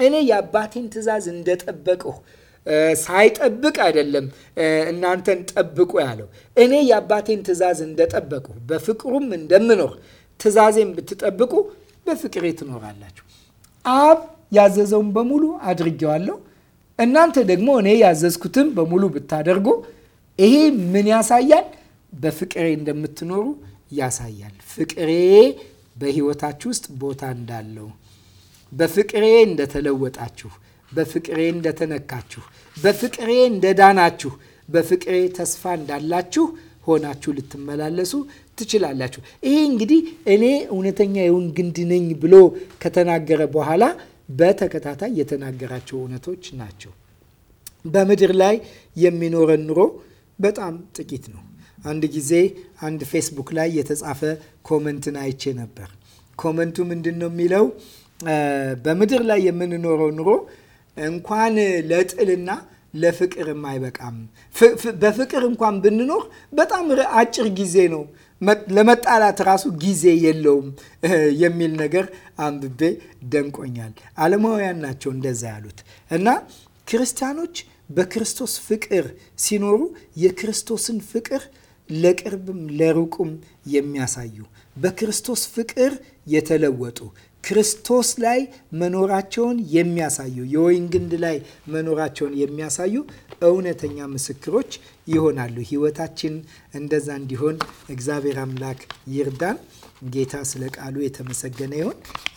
እኔ የአባቴን ትእዛዝ እንደጠበቅሁ ሳይጠብቅ አይደለም እናንተን ጠብቁ ያለው። እኔ የአባቴን ትእዛዝ እንደጠበቅሁ በፍቅሩም እንደምኖር ትእዛዜን ብትጠብቁ በፍቅሬ ትኖራላችሁ። አብ ያዘዘውን በሙሉ አድርጌዋለሁ፣ እናንተ ደግሞ እኔ ያዘዝኩትን በሙሉ ብታደርጉ ይሄ ምን ያሳያል? በፍቅሬ እንደምትኖሩ ያሳያል። ፍቅሬ በህይወታችሁ ውስጥ ቦታ እንዳለው፣ በፍቅሬ እንደተለወጣችሁ፣ በፍቅሬ እንደተነካችሁ፣ በፍቅሬ እንደዳናችሁ፣ በፍቅሬ ተስፋ እንዳላችሁ ሆናችሁ ልትመላለሱ ትችላላችሁ። ይሄ እንግዲህ እኔ እውነተኛ የውን ግንድ ነኝ ብሎ ከተናገረ በኋላ በተከታታይ የተናገራቸው እውነቶች ናቸው። በምድር ላይ የሚኖረን ኑሮ በጣም ጥቂት ነው። አንድ ጊዜ አንድ ፌስቡክ ላይ የተጻፈ ኮመንትን አይቼ ነበር። ኮመንቱ ምንድን ነው የሚለው? በምድር ላይ የምንኖረው ኑሮ እንኳን ለጥልና ለፍቅር አይበቃም። በፍቅር እንኳን ብንኖር በጣም አጭር ጊዜ ነው። ለመጣላት ራሱ ጊዜ የለውም የሚል ነገር አንብቤ ደንቆኛል። አለማውያን ናቸው እንደዛ ያሉት እና ክርስቲያኖች በክርስቶስ ፍቅር ሲኖሩ የክርስቶስን ፍቅር ለቅርብም ለሩቁም የሚያሳዩ በክርስቶስ ፍቅር የተለወጡ ክርስቶስ ላይ መኖራቸውን የሚያሳዩ የወይን ግንድ ላይ መኖራቸውን የሚያሳዩ እውነተኛ ምስክሮች ይሆናሉ። ህይወታችን እንደዛ እንዲሆን እግዚአብሔር አምላክ ይርዳን። ጌታ ስለ ቃሉ የተመሰገነ ይሆን።